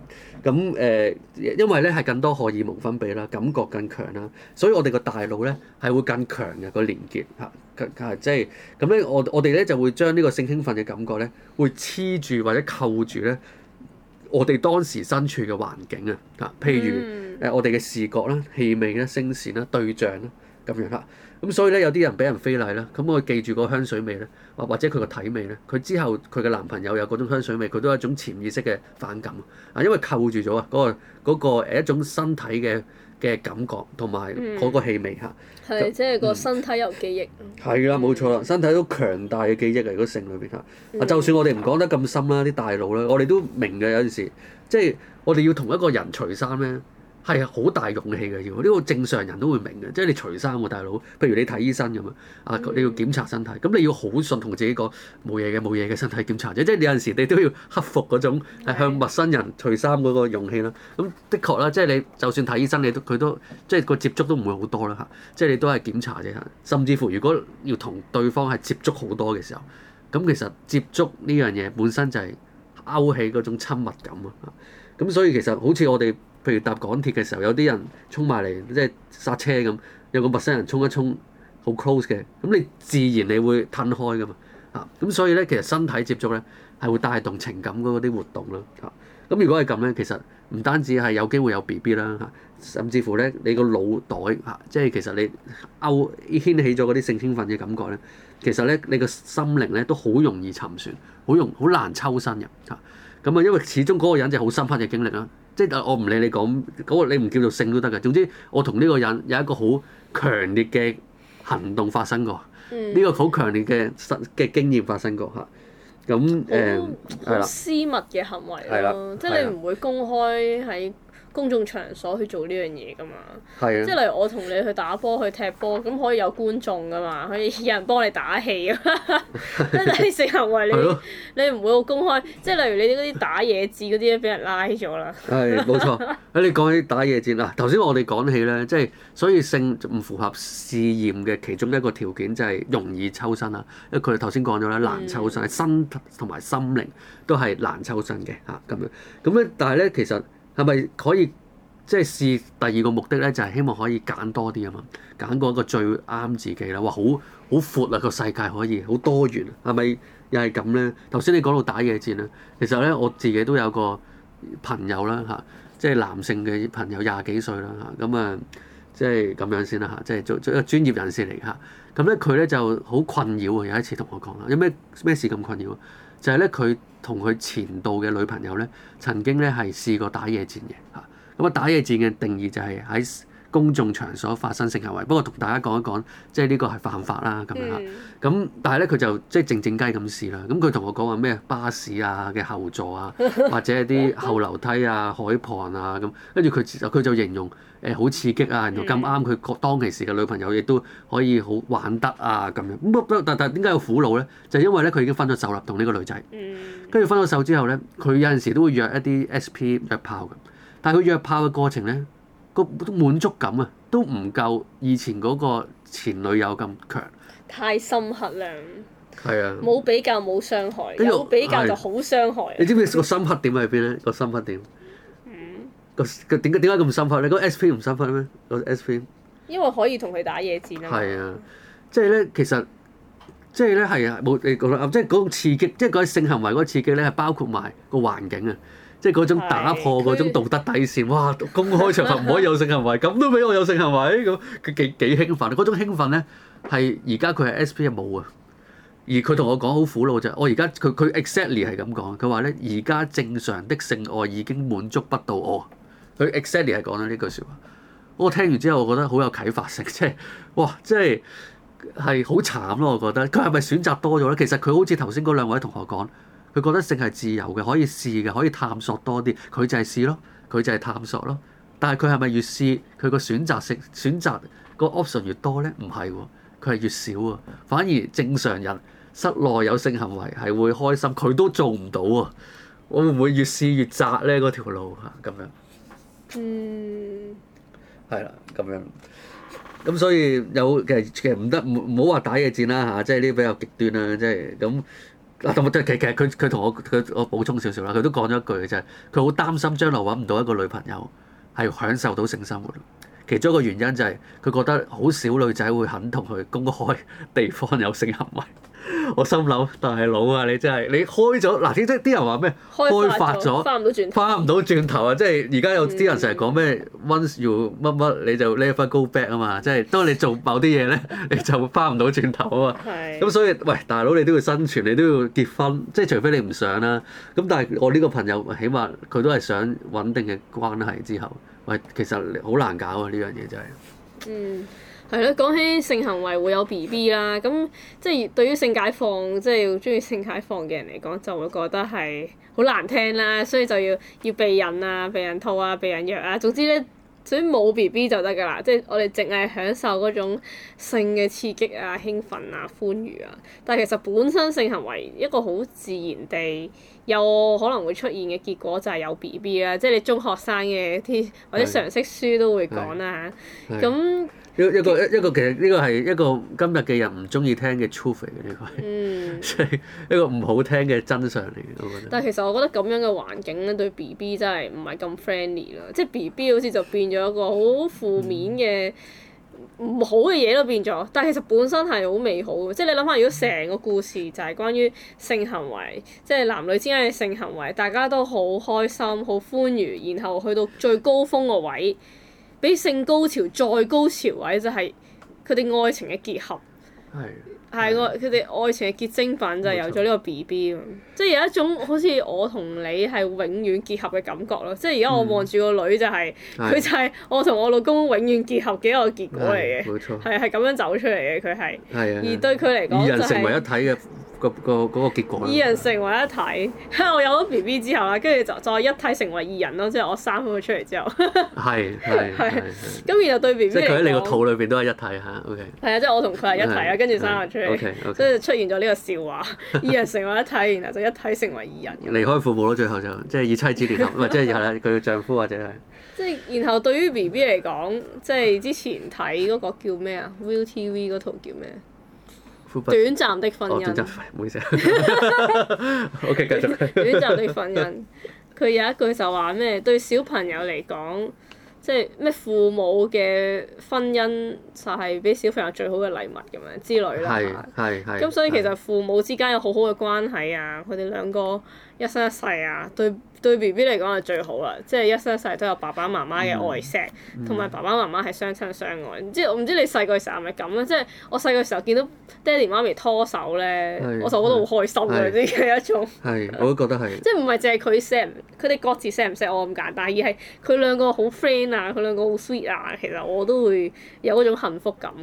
咁誒、呃，因為咧係更多荷爾蒙分泌啦，感覺更強啦，所以我哋個大腦咧係會更強嘅、個連結即係咁咧，我我哋咧就會將呢個性興奮嘅感覺咧會黐住或者扣住咧。我哋當時身處嘅環境啊，譬如誒、嗯呃、我哋嘅視覺咧、啊、氣味咧、啊、聲線咧、啊、對象咧、啊，咁樣啦、啊。咁所以咧，有啲人俾人非禮咧，咁、嗯、我記住個香水味咧，或或者佢個體味咧，佢之後佢嘅男朋友有嗰種香水味，佢都係一種潛意識嘅反感啊，因為扣住咗啊，嗰、嗰個嗰個誒一種身體嘅。嘅感覺同埋嗰個氣味嚇，係即係個身體有記憶。係啦、嗯，冇錯啦，身體都強大嘅記憶嚟，如果性裏面嚇，嗯、就算我哋唔講得咁深啦，啲大腦咧，我哋都明嘅，有陣時，即係我哋要同一個人除衫咧。係啊，好大勇氣嘅要呢個正常人都會明嘅，即係你除衫喎，大佬，譬如你睇醫生咁啊，嗯、你要檢查身體，咁你要好順同自己講冇嘢嘅、冇嘢嘅身體檢查啫。即係你有陣時你都要克服嗰種係向陌生人除衫嗰個勇氣啦。咁的確啦，即係你就算睇醫生，你都佢都即係個接觸都唔會好多啦嚇。即係你都係檢查啫。甚至乎如果要同對方係接觸好多嘅時候，咁其實接觸呢樣嘢本身就係勾起嗰種親密感啊。咁所以其實好似我哋。譬如搭港鐵嘅時候，有啲人衝埋嚟，即係剎車咁，有個陌生人衝一衝，好 close 嘅，咁你自然你會褪開㗎嘛，啊，咁所以咧，其實身體接觸咧係會帶動情感嗰啲活動咯，啊、嗯，咁如果係咁咧，其實唔單止係有機會有 B B 啦，嚇、嗯，甚至乎咧你個腦袋嚇、嗯，即係其實你勾牽起咗嗰啲性興奮嘅感覺咧，其實咧你個心靈咧都好容易沉船，好容好難抽身嘅，嚇、嗯，咁、嗯、啊、嗯，因為始終嗰個人就好深刻嘅經歷啦。即係我唔理你講嗰、那個，你唔叫做性都得㗎。總之，我同呢個人有一個好強烈嘅行動發生過，呢、嗯、個好強烈嘅實嘅經驗發生過嚇。咁誒係啦，私很、嗯、密嘅行為咯、啊，即係了你唔會公開喺公眾場所去做呢樣嘢㗎嘛，是的 即係例如我同你去打波、去踢波，咁可以有觀眾㗎嘛，可以有人幫你打氣啊，即係性行為你， 是的 你唔會好公開。即係例如你啲啲打野戰嗰啲咧，俾人拉咗啦。係冇錯，誒你講起打野戰啊，頭先我哋講起咧，即係所以性唔符合試驗嘅其中一個條件就係容易抽身啦，因為佢哋頭先講咗咧，難抽身係、嗯、身同埋心靈都係難抽身嘅嚇咁樣，咁咧但係咧其實。係咪可以即係、就是、試第二個目的咧？就係、是、希望可以揀多啲啊嘛，揀個一個最啱自己啦。哇，好好闊啊個世界可以，好多元。係咪又係咁咧？頭先你講到打野戰啦，其實咧我自己都有個朋友啦嚇，即、啊、係、就是、男性嘅朋友，廿幾歲啦嚇，咁啊即係咁樣先啦嚇，即係做做一個專業人士嚟嚇。咁咧佢咧就好困擾啊！有一次同我講啦，有咩咩事咁困擾啊？就係咧佢。同佢前度嘅女朋友咧，曾經咧係試過打野戰嘅吓，咁啊打野戰嘅定義就係喺公眾場所發生性行為，不過同大家講一講，即係呢個係犯法啦咁樣嚇。咁、mm. 但係咧，佢就即係靜靜雞咁試啦。咁佢同我講話咩？巴士啊嘅後座啊，或者啲後樓梯啊、海旁啊咁。跟住佢就佢就形容誒好、欸、刺激啊，然後咁啱佢當其時嘅女朋友亦都可以好玩得啊咁樣。咁但但點解要苦惱咧？就是、因為咧佢已經分咗手啦，同呢個女仔。跟住分咗手之後咧，佢有陣時都會約一啲 S.P. 約炮，但係佢約炮嘅過程咧。個滿足感啊，都唔夠以前嗰個前女友咁強。太深刻啦。係啊。冇比較冇傷害，著有比較就好傷害啊。你知唔知個深刻點喺邊咧？個深刻點？嗯。個個點解點解咁深刻咧？嗰個 XP 唔深刻咩？個 XP？因為可以同佢打野戰啊。係啊，即係咧，其實即係咧係冇你講啦，即係嗰種刺激，即係嗰性行為嗰刺激咧，係包括埋個環境啊。即係嗰種打破嗰種道德底線，哇！公開場合唔可以有性行為，咁 都俾我有性行為，咁佢幾幾興奮啊！嗰種興奮咧，係而家佢係 S.P. 冇啊，而佢同我講好苦惱就係，我而家佢佢 exactly 係咁講，佢話咧，而家正常的性愛已經滿足不到我，佢 exactly 係講咗呢句説話。我聽完之後，我覺得好有啟發性，即係哇，即係係好慘咯，啊！我覺得佢係咪選擇多咗咧？其實佢好似頭先嗰兩位同學講。佢覺得性係自由嘅，可以試嘅，可以探索多啲。佢就係試咯，佢就係探索咯。但係佢係咪越試，佢個選擇性、選擇個 option 越多咧？唔係喎，佢係越少啊。反而正常人室內有性行為係會開心，佢都做唔到啊！會唔會越試越窄咧？嗰條路吓咁樣。嗯，係啦，咁樣。咁所以有其實其實唔得，唔唔好話打野戰啦吓，即係呢啲比較極端啊，即係咁。嗱，同我即係其實佢佢同我佢我補充少少啦，佢都講咗一句，就係，佢好擔心將來揾唔到一個女朋友係享受到性生活，其中一個原因就係佢覺得好少女仔會肯同佢公開地方有性行為。我心諗大佬啊，你真係你開咗嗱、啊，即係啲人話咩開發咗，翻唔到轉頭，翻唔到轉頭啊！嗯、即係而家有啲人成日講咩，once you 乜乜你就 never go back 啊嘛！即係當你做某啲嘢咧， 你就翻唔到轉頭啊嘛。咁是所以喂，大佬你都要生存，你都要結婚，即係除非你唔想啦、啊。咁但係我呢個朋友起碼佢都係想穩定嘅關係之後，喂，其實好難搞啊呢樣嘢真係。這個就是、嗯。係咯，講起性行為會有 B B 啦，咁即係對於性解放，即係要鍾意性解放嘅人嚟講，就會覺得係好難聽啦，所以就要要避孕啊、避孕套啊、避孕藥啊，總之咧，總之冇 B B 就得㗎啦，即係我哋淨係享受嗰種性嘅刺激啊、興奮啊、歡愉啊，但係其實本身性行為一個好自然地。有可能會出現嘅結果就係有 B B 啦，即係你中學生嘅啲的或者常識書都會講啦，咁一的那一個一一，其實呢個係一個今日嘅人唔中意聽嘅 truth 嘅呢個，係、嗯、一個唔好聽嘅真相嚟嘅，我覺得。但係其實我覺得咁樣嘅環境咧，對 B B 真係唔係咁 friendly 咯，即係 B B 好似就變咗一個好負面嘅。嗯唔好嘅嘢都變咗，但係其實本身係好美好嘅，即係你諗下，如果成個故事就係關於性行為，即係男女之間嘅性行為，大家都好開心、好歡愉，然後去到最高峰個位，比性高潮再高潮位，就係佢哋愛情嘅結合。係係佢哋愛情嘅結晶品就係有咗呢個 BB 即係有一種好似我同你係永遠結合嘅感覺咯。即係而家我望住個女就係佢就係我同我老公永遠結合嘅一個結果嚟嘅，冇錯，係係咁樣走出嚟嘅佢係。而對佢嚟講，就成為一體嘅。個個嗰個結果二人成為一體。我有咗 B B 之後啦，跟住就再一體成為二人咯，即係我生咗佢出嚟之後。係係係。咁然後對 B B 即係佢喺你個肚裏邊都係一體嚇。O K。係啊，即係我同佢係一體啊，跟住生咗出嚟，即係出現咗呢個笑話：二人成為一體，然後就一體成為二人。離開父母咯，最後就即係與妻子連合，唔係即係然後佢嘅丈夫或者係。即係然後對於 B B 嚟講，即係之前睇嗰個叫咩啊？ViuTV 嗰套叫咩？短暫的婚姻。短暫，唔好意思。O K，繼續。短暫的婚姻，佢有一句就話咩？對小朋友嚟講，即係咩父母嘅婚姻就係俾小朋友最好嘅禮物咁樣之類啦。係係。咁所以其實父母之間有好好嘅關係啊，佢哋兩個一生一世啊，對。對 B B 嚟講係最好啦，即係一生一世都有爸爸媽媽嘅愛錫，同埋、嗯、爸爸媽媽係相親相愛。唔、嗯、知我唔知你細個嘅時候係咪咁咧？即係我細個時候見到爹哋媽咪拖手咧，是我就覺得好開心嗰呢嘅一種。係，我都覺得係。即係唔係淨係佢錫，佢哋各自錫唔錫我咁簡單，而係佢兩個好 friend 啊，佢兩個好 sweet 啊，其實我都會有嗰種幸福感。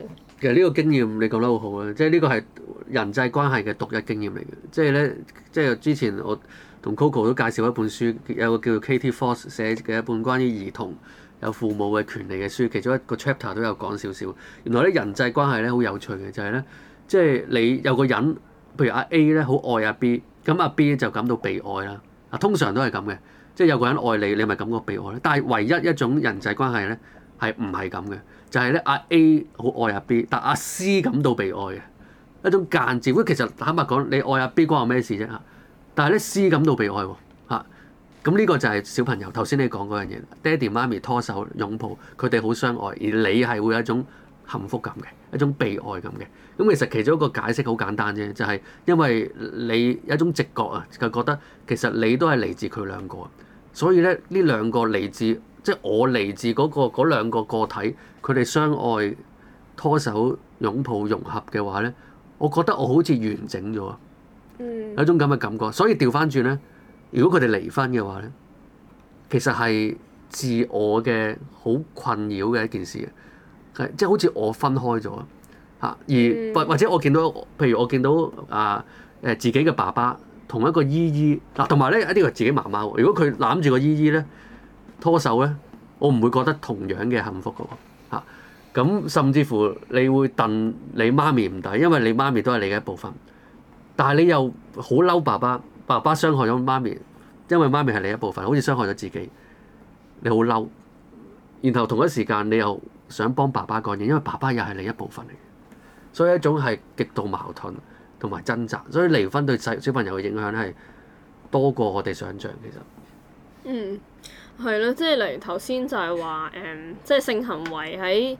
其實呢個經驗你講得好好啊，即係呢個係人際關係嘅獨一經驗嚟嘅，即係咧，即係之前我。同 Coco 都介紹一本書，有個叫做 Katie Force 寫嘅一本關於兒童有父母嘅權利嘅書，其中一個 chapter 都有講少少。原來咧人際關係咧好有趣嘅，就係咧，即係你有個人，譬如阿 A 咧好愛阿 B，咁阿 B 就感到被愛啦。啊，通常都係咁嘅，即係有個人愛你，你咪感覺被愛咧。但係唯一一種人際關係咧係唔係咁嘅，就係咧阿 A 好愛阿 B，但阿 C 感到被愛嘅一種間接。喂，其實坦白講，你愛阿 B 關我咩事啫嚇？但係咧，私感到被愛喎，嚇、啊！咁、這、呢個就係小朋友頭先你講嗰樣嘢，爹哋媽咪拖手擁抱，佢哋好相愛，而你係會有一種幸福感嘅，一種被愛感嘅。咁、嗯、其實其中一個解釋好簡單啫，就係、是、因為你有一種直覺啊，就覺得其實你都係嚟自佢兩個，所以咧呢兩個嚟自，即、就、係、是、我嚟自嗰、那個嗰兩個個體，佢哋相愛、拖手、擁抱、融合嘅話咧，我覺得我好似完整咗。有一種咁嘅感覺，所以調返轉咧，如果佢哋離婚嘅話咧，其實係自我嘅好困擾嘅一件事嘅，即係好似我分開咗嚇，而或或者我見到，譬如我見到啊誒自己嘅爸爸同一個姨姨嗱，同埋咧一啲係自己媽媽喎。如果佢攬住個姨姨咧，拖手咧，我唔會覺得同樣嘅幸福嘅嚇，咁甚至乎你會戥你媽咪唔抵，因為你媽咪都係你嘅一部分。但係你又好嬲爸爸，爸爸傷害咗媽咪，因為媽咪係你一部分，好似傷害咗自己，你好嬲。然後同一時間你又想幫爸爸講嘢，因為爸爸又係你一部分嚟嘅，所以一種係極度矛盾同埋掙扎。所以離婚對細小朋友嘅影響咧係多過我哋想象其實，嗯。嗯，係咯，即係例如頭先就係話誒，即係性行為喺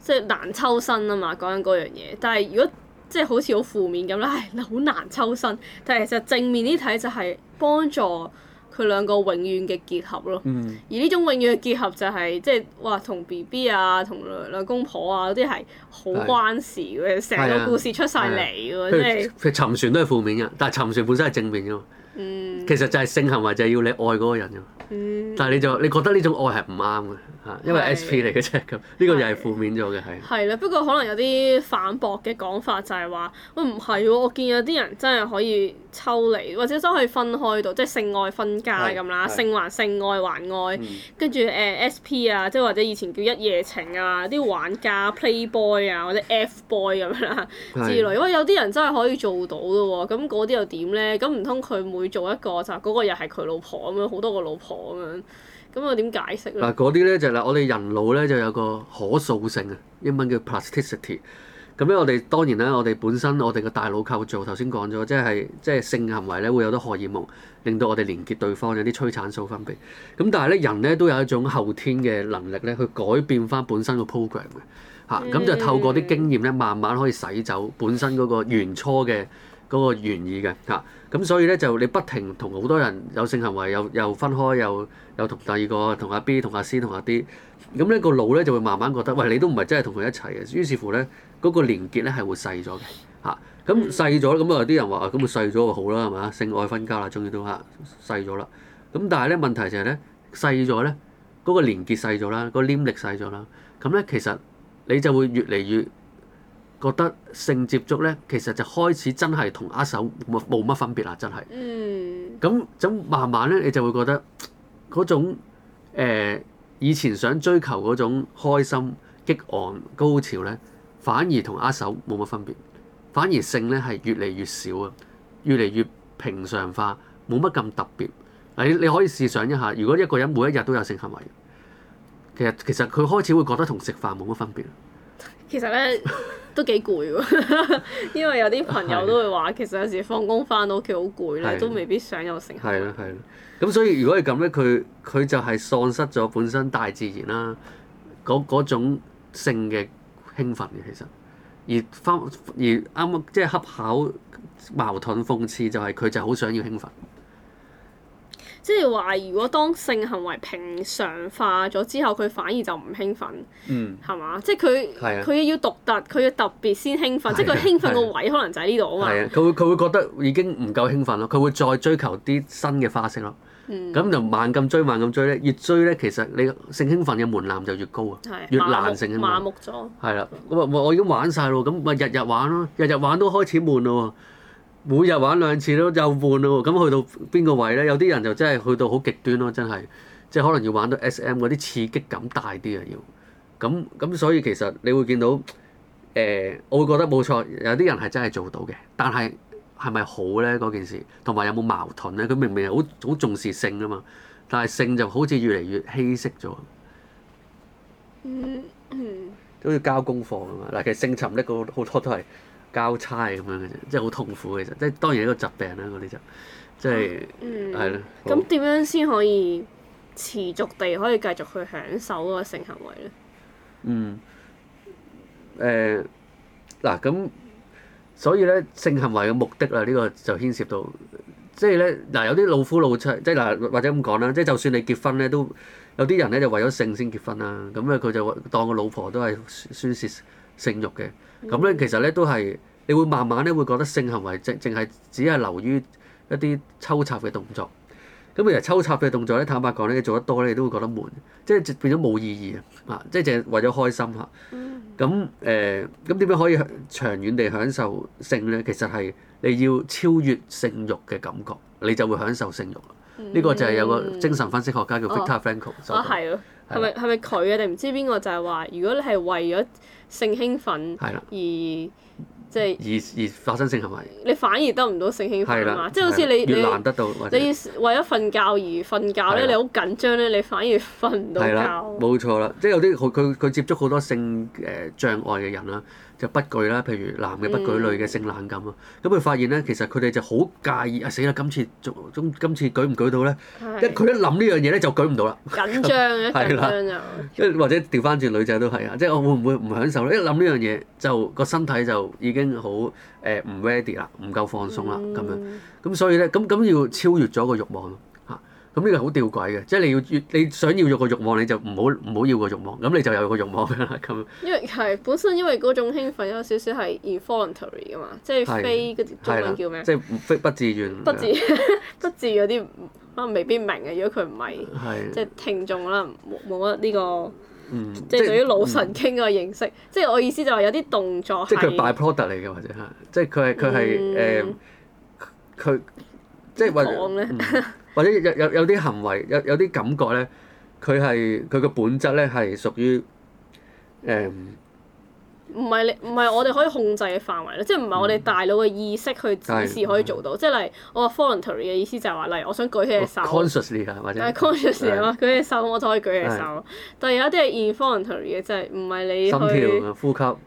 即係難抽身啊嘛，講緊嗰樣嘢。但係如果即係好似好負面咁啦，唉，好難抽身。但係其實正面啲睇就係幫助佢兩個永遠嘅結合咯。嗯、而呢種永遠嘅結合就係、是、即係話，同 B B 啊，同兩公婆啊嗰啲係好關事嘅，成、啊、個故事出晒嚟嘅，即係、啊啊就是、沉船都係負面嘅，但係沉船本身係正面㗎嘛。其實就係性行為，就係要你愛嗰個人㗎嘛。但係你就你覺得呢種愛係唔啱嘅嚇，因為 SP 嚟嘅啫。咁呢個又係負面咗嘅係。係啦，不過可能有啲反駁嘅講法就係話：喂，唔係喎，我見有啲人真係可以抽離，或者真係可以分開到，即係性愛分家咁啦，性還性愛還愛，跟住誒 SP 啊，即係或者以前叫一夜情啊，啲玩家 Playboy 啊，或者 Fboy 咁樣啦之類。喂，有啲人真係可以做到嘅喎，咁嗰啲又點咧？咁唔通佢每做一個就嗰個又係佢老婆咁樣，好多個老婆咁樣，咁我點解釋咧？嗱，嗰啲咧就嗱、係，我哋人腦咧就有個可塑性啊，英文叫 plasticity。咁咧，我哋當然咧，我哋本身我哋個大腦構造頭先講咗，即係即係性行為咧會有啲荷爾蒙令到我哋連結對方有啲催產素分泌。咁但係咧，人咧都有一種後天嘅能力咧，去改變翻本身個 program 嘅嚇。咁 Yeah. 就透過啲經驗咧，慢慢可以洗走本身嗰個原初嘅嗰個原意嘅嚇。咁所以咧就你不停同好多人有性行為，又又分開，又又同第二個同阿 B、同阿 C、同阿 D。咁咧個腦咧就會慢慢覺得，喂你都唔係真係同佢一齊嘅。於是乎咧，嗰個連結咧係會細咗嘅嚇。咁細咗咁啊，啲人話咁啊，細咗就好啦，係咪啊？性愛分家啦，終於都嚇細咗啦。咁但係咧，問題就係咧，細咗咧，嗰個連結細咗啦，個黏力細咗啦。咁咧其實你就會越嚟越覺得性接觸咧，其實就開始真係同握手冇乜分別啊！真係，咁咁、嗯、慢慢咧，你就會覺得嗰種、呃、以前想追求嗰種開心激昂高潮咧，反而同握手冇乜分別，反而性咧係越嚟越少啊，越嚟越平常化，冇乜咁特別。你你可以試想一下，如果一個人每一日都有性行為，其實其實佢開始會覺得同食飯冇乜分別。其實咧。 都幾攰喎，因為有啲朋友都會話，其實有時放工翻到屋企好攰咧，對都未必想有性行為。為對。係咯係咯，咁所以呢如果係咁咧，佢佢就係喪失咗本身大自然啦，嗰種性嘅興奮嘅其實，而反而啱啱即係恰巧矛盾諷刺就係佢就好想要興奮。即係話，如果當性行為平常化咗之後，佢反而就唔興奮，係嘛、嗯？即係佢佢要獨特，佢要特別先興奮。即係佢興奮個位可能就喺呢度啊嘛。佢會佢會覺得已經唔夠興奮咯，佢會再追求啲新嘅花式咯。咁、嗯、就慢咁追，慢咁追咧，越追咧，其實你性興奮嘅門檻就越高啊，的越難性興奮。麻木咗。係啦，我我我已經玩晒咯，咁咪日日玩咯，日日玩都開始悶咯。每日玩兩次都又悶咯喎，咁去到邊個位咧？有啲人就真係去到好極端咯，真係即係可能要玩到 SM 嗰啲刺激感大啲啊要。咁咁所以其實你會見到，誒、呃，我會覺得冇錯，有啲人係真係做到嘅。但係係咪好咧？嗰件事同埋有冇矛盾咧？佢明明係好好重視性啊嘛，但係性就好似越嚟越稀釋咗。嗯嗯，好似交功課咁啊！嗱，其實性尋呢個好多都係。交叉咁樣嘅啫，即係好痛苦嘅，其實即係當然一個疾病啦。嗰啲就即係係咯。咁、嗯、點樣先可以持續地可以繼續去享受嗰個性行為咧？嗯。誒、呃、嗱，咁、啊、所以咧，性行為嘅目的啦，呢、呢個就牽涉到即係咧嗱，有啲老夫老妻，即係嗱、啊、或者咁講啦，即係就算你結婚咧，都有啲人咧就為咗性先結婚啦。咁咧佢就當個老婆都係宣泄性慾嘅。咁咧，其實咧都係你會慢慢咧會覺得性行為淨淨係只係流於一啲抽插嘅動作。咁其實抽插嘅動作咧，坦白講咧，你做得多咧，你都會覺得悶，即係變咗冇意義啊！即係淨係為咗開心吓。咁誒，咁點樣可以長遠地享受性咧？其實係你要超越性欲嘅感覺，你就會享受性欲。呢個就係有個精神分析學家叫 Victor Frankl、嗯。啊係係咪係咪佢啊？定唔知邊個就係話、啊，如果你係為咗性興奮，係啦，而即係而而發生性行為，你，你反而得唔到性興奮啊嘛，即係好似你越難得到，你為咗瞓覺而瞓覺咧，你好緊張咧，你反而瞓唔到覺。冇錯啦，即係有啲佢佢佢接觸好多性誒、呃、障礙嘅人啦。就不舉啦，譬如男嘅不舉，女嘅性冷感咯。咁佢、嗯、發現咧，其實佢哋就好介意啊！死啦，今次做今次舉唔舉到咧？的即佢一諗呢樣嘢咧，就舉唔到啦。緊張嘅，緊張、 嗯、就。即或者調翻轉女仔都係啊，即係我會唔會唔享受咧？一諗呢樣嘢就個身體就已經好誒唔 ready 啦，唔夠放鬆啦咁、嗯、樣。咁所以咧，咁咁要超越咗個欲望咯。咁呢個好吊詭嘅，即係你要越，你想要個欲望，你就唔好唔好要個欲望，咁你就有個欲望㗎啦。咁因為係本身因為嗰種興奮有少少係 involuntary 噶嘛，即係非嗰啲中文叫咩？即係不自願。不自不自，有啲可能未必明嘅，如果佢唔係，即係聽眾可能冇冇得呢個，即係對於腦神經嘅認識。即係我意思就係有啲動作。即係佢 byproduct 嚟嘅，或者嚇，即係佢係佢係誒，佢即係話。或者有有有啲行為有有啲感覺咧，佢係佢個本質咧係屬於誒，唔係你唔係我哋可以控制嘅範圍咯，即係唔係我哋大腦嘅意識去指示可以做到。即係例如我話 voluntary 嘅意思就係話，例如我想舉起隻手，consciously 或者 conscious 嘛舉起手，我就可以舉起手。但係有一啲係 involuntary 嘅，即係唔係你心跳、呼吸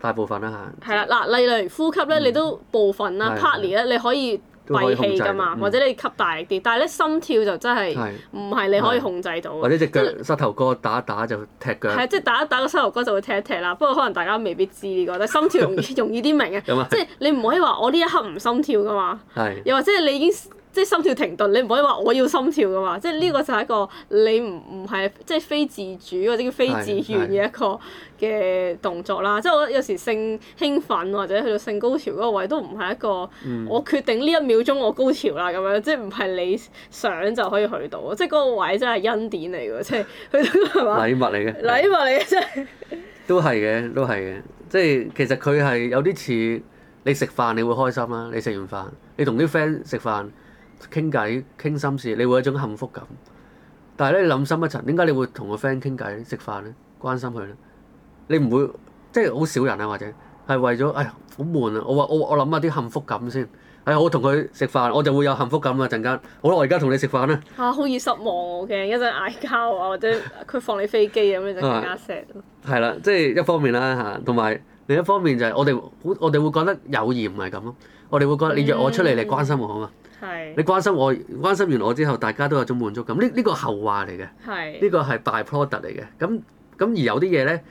大部分啦，吓，係啦嗱，例如呼吸咧，你都部分啦，partly 咧，你可以，閉氣㗎嘛，或者你吸大力啲，嗯、但係咧心跳就真係唔係你可以控制到。或者隻腳為膝頭哥打一打就踢腳。係啊，即、就、係、係、打一打個膝頭哥就會踢一踢啦。不過可能大家未必知呢、呢個，但係心跳容易 容易啲明啊。係係即係你唔可以話我呢一刻唔心跳㗎嘛。是又或者你已經。即係心跳停頓，你唔可以話我要心跳㗎嘛。即係呢個就係一個你唔唔係即係非自主或者叫非自願嘅一個嘅動作啦。即係我有時性興奮或者去到性高潮嗰個位都唔係一個、嗯、我決定呢一秒鐘我高潮啦咁樣，即係唔係你想就可以去到。即係嗰個位真係恩典嚟嘅，即係去到係嘛禮物嚟嘅，禮物嚟嘅真係都係嘅，都係嘅。即係其實佢係有啲似你食飯你會開心啦、啊，你食完飯你同啲 friend 食飯。傾偈傾心事，你會有一種幸福感。但係咧，你諗深一層，點解你會同個 friend 傾偈食飯咧？關心佢咧，你唔會即係好少人啊，或者係為咗哎呀好悶啊！我話我我諗下啲幸福感先。哎呀，我同佢食飯我就會有幸福感啊！陣間好啦，我而家同你食飯啦。啊，好易失望我、啊、驚，一陣嗌交啊，或者佢放你飛機咁、啊、樣就更加、啊、s 係啦、 啊啊啊，即係一方面啦、啊、嚇，同、啊、埋另一方面就係我哋我哋會覺得友誼唔係咁咯。我哋會覺得你約我出嚟嚟關心我好嘛。嗯嗯。你關心我，關心完我之後，大家都有種滿足感。呢呢個後話嚟嘅，呢個係 by-product 嚟嘅。咁咁而有啲嘢咧，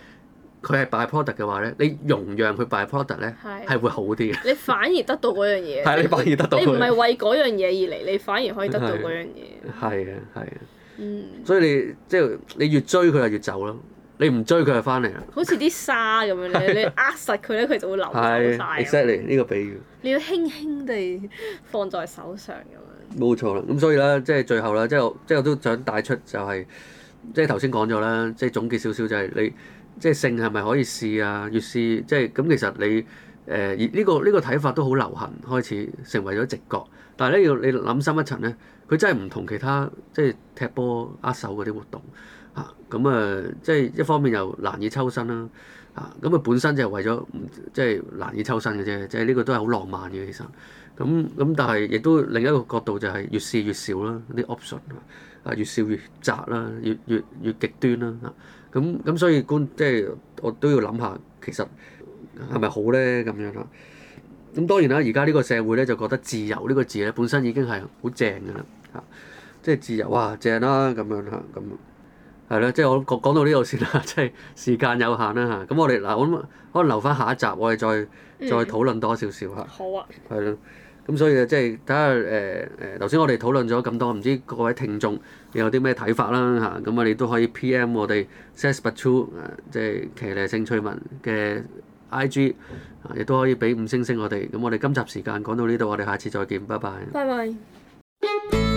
佢係 by-product 嘅話咧，你容讓佢 by-product 咧，係是的 會好啲嘅 你反而得到嗰樣嘢。係，你反而得到。你唔係為嗰樣嘢而嚟，你反而可以得到嗰樣嘢。係啊，係啊。嗯、所以你即係、就是、你越追佢，就越走囉。你唔追佢就翻嚟啊！好似啲沙咁樣咧， 你握實佢咧，佢 就會流曬。係呢、exactly，呢個比喻。你要輕輕地放在手上咁樣。冇錯啦，咁所以咧，即係最後咧，即係我，即係我都想帶出就係、是，即係頭先講咗啦，即係總結少少就係你，即係性係咪可以試啊？越試即係咁，其實你誒呢、呃呢個呢、呢個睇法都好流行，開始成為咗直覺。但係咧要你諗深一層咧，佢真係唔同其他即係踢波握手嗰啲活動，啊，咁啊，即係一方面又難以抽身啦。啊，咁啊，本身就係為咗，即係難以抽身嘅啫。即係呢個都係好浪漫嘅，其實咁咁。但係亦都另一個角度就係越試越少啦，啲 option 啊，越少越窄啦，越越越極端啦。啊，咁咁，所以觀即係我都要諗下，其實係咪好咧？咁樣啦，咁當然啦。而家呢個社會咧就覺得自由呢個字咧本身已經係好正㗎啦。嚇，即係自由哇，正啦咁樣啦咁。係咯，即係我講到呢度先啦，即係時間有限啦嚇。咁我哋嗱，我諗可能留翻下，下一集我，我哋再再討論多少少嚇。好啊。係咯，咁所以即係睇下誒誒，頭先、呃、我哋討論咗咁多，唔知各位聽眾有、啊、你有啲咩睇法啦嚇？咁我哋都可以 PM 我哋 s a s p e t w o 即係騎呢性趣聞嘅 IG，亦都可以俾五星星我哋。咁我哋今集時間講到呢度，我哋下次再見，拜拜。拜拜。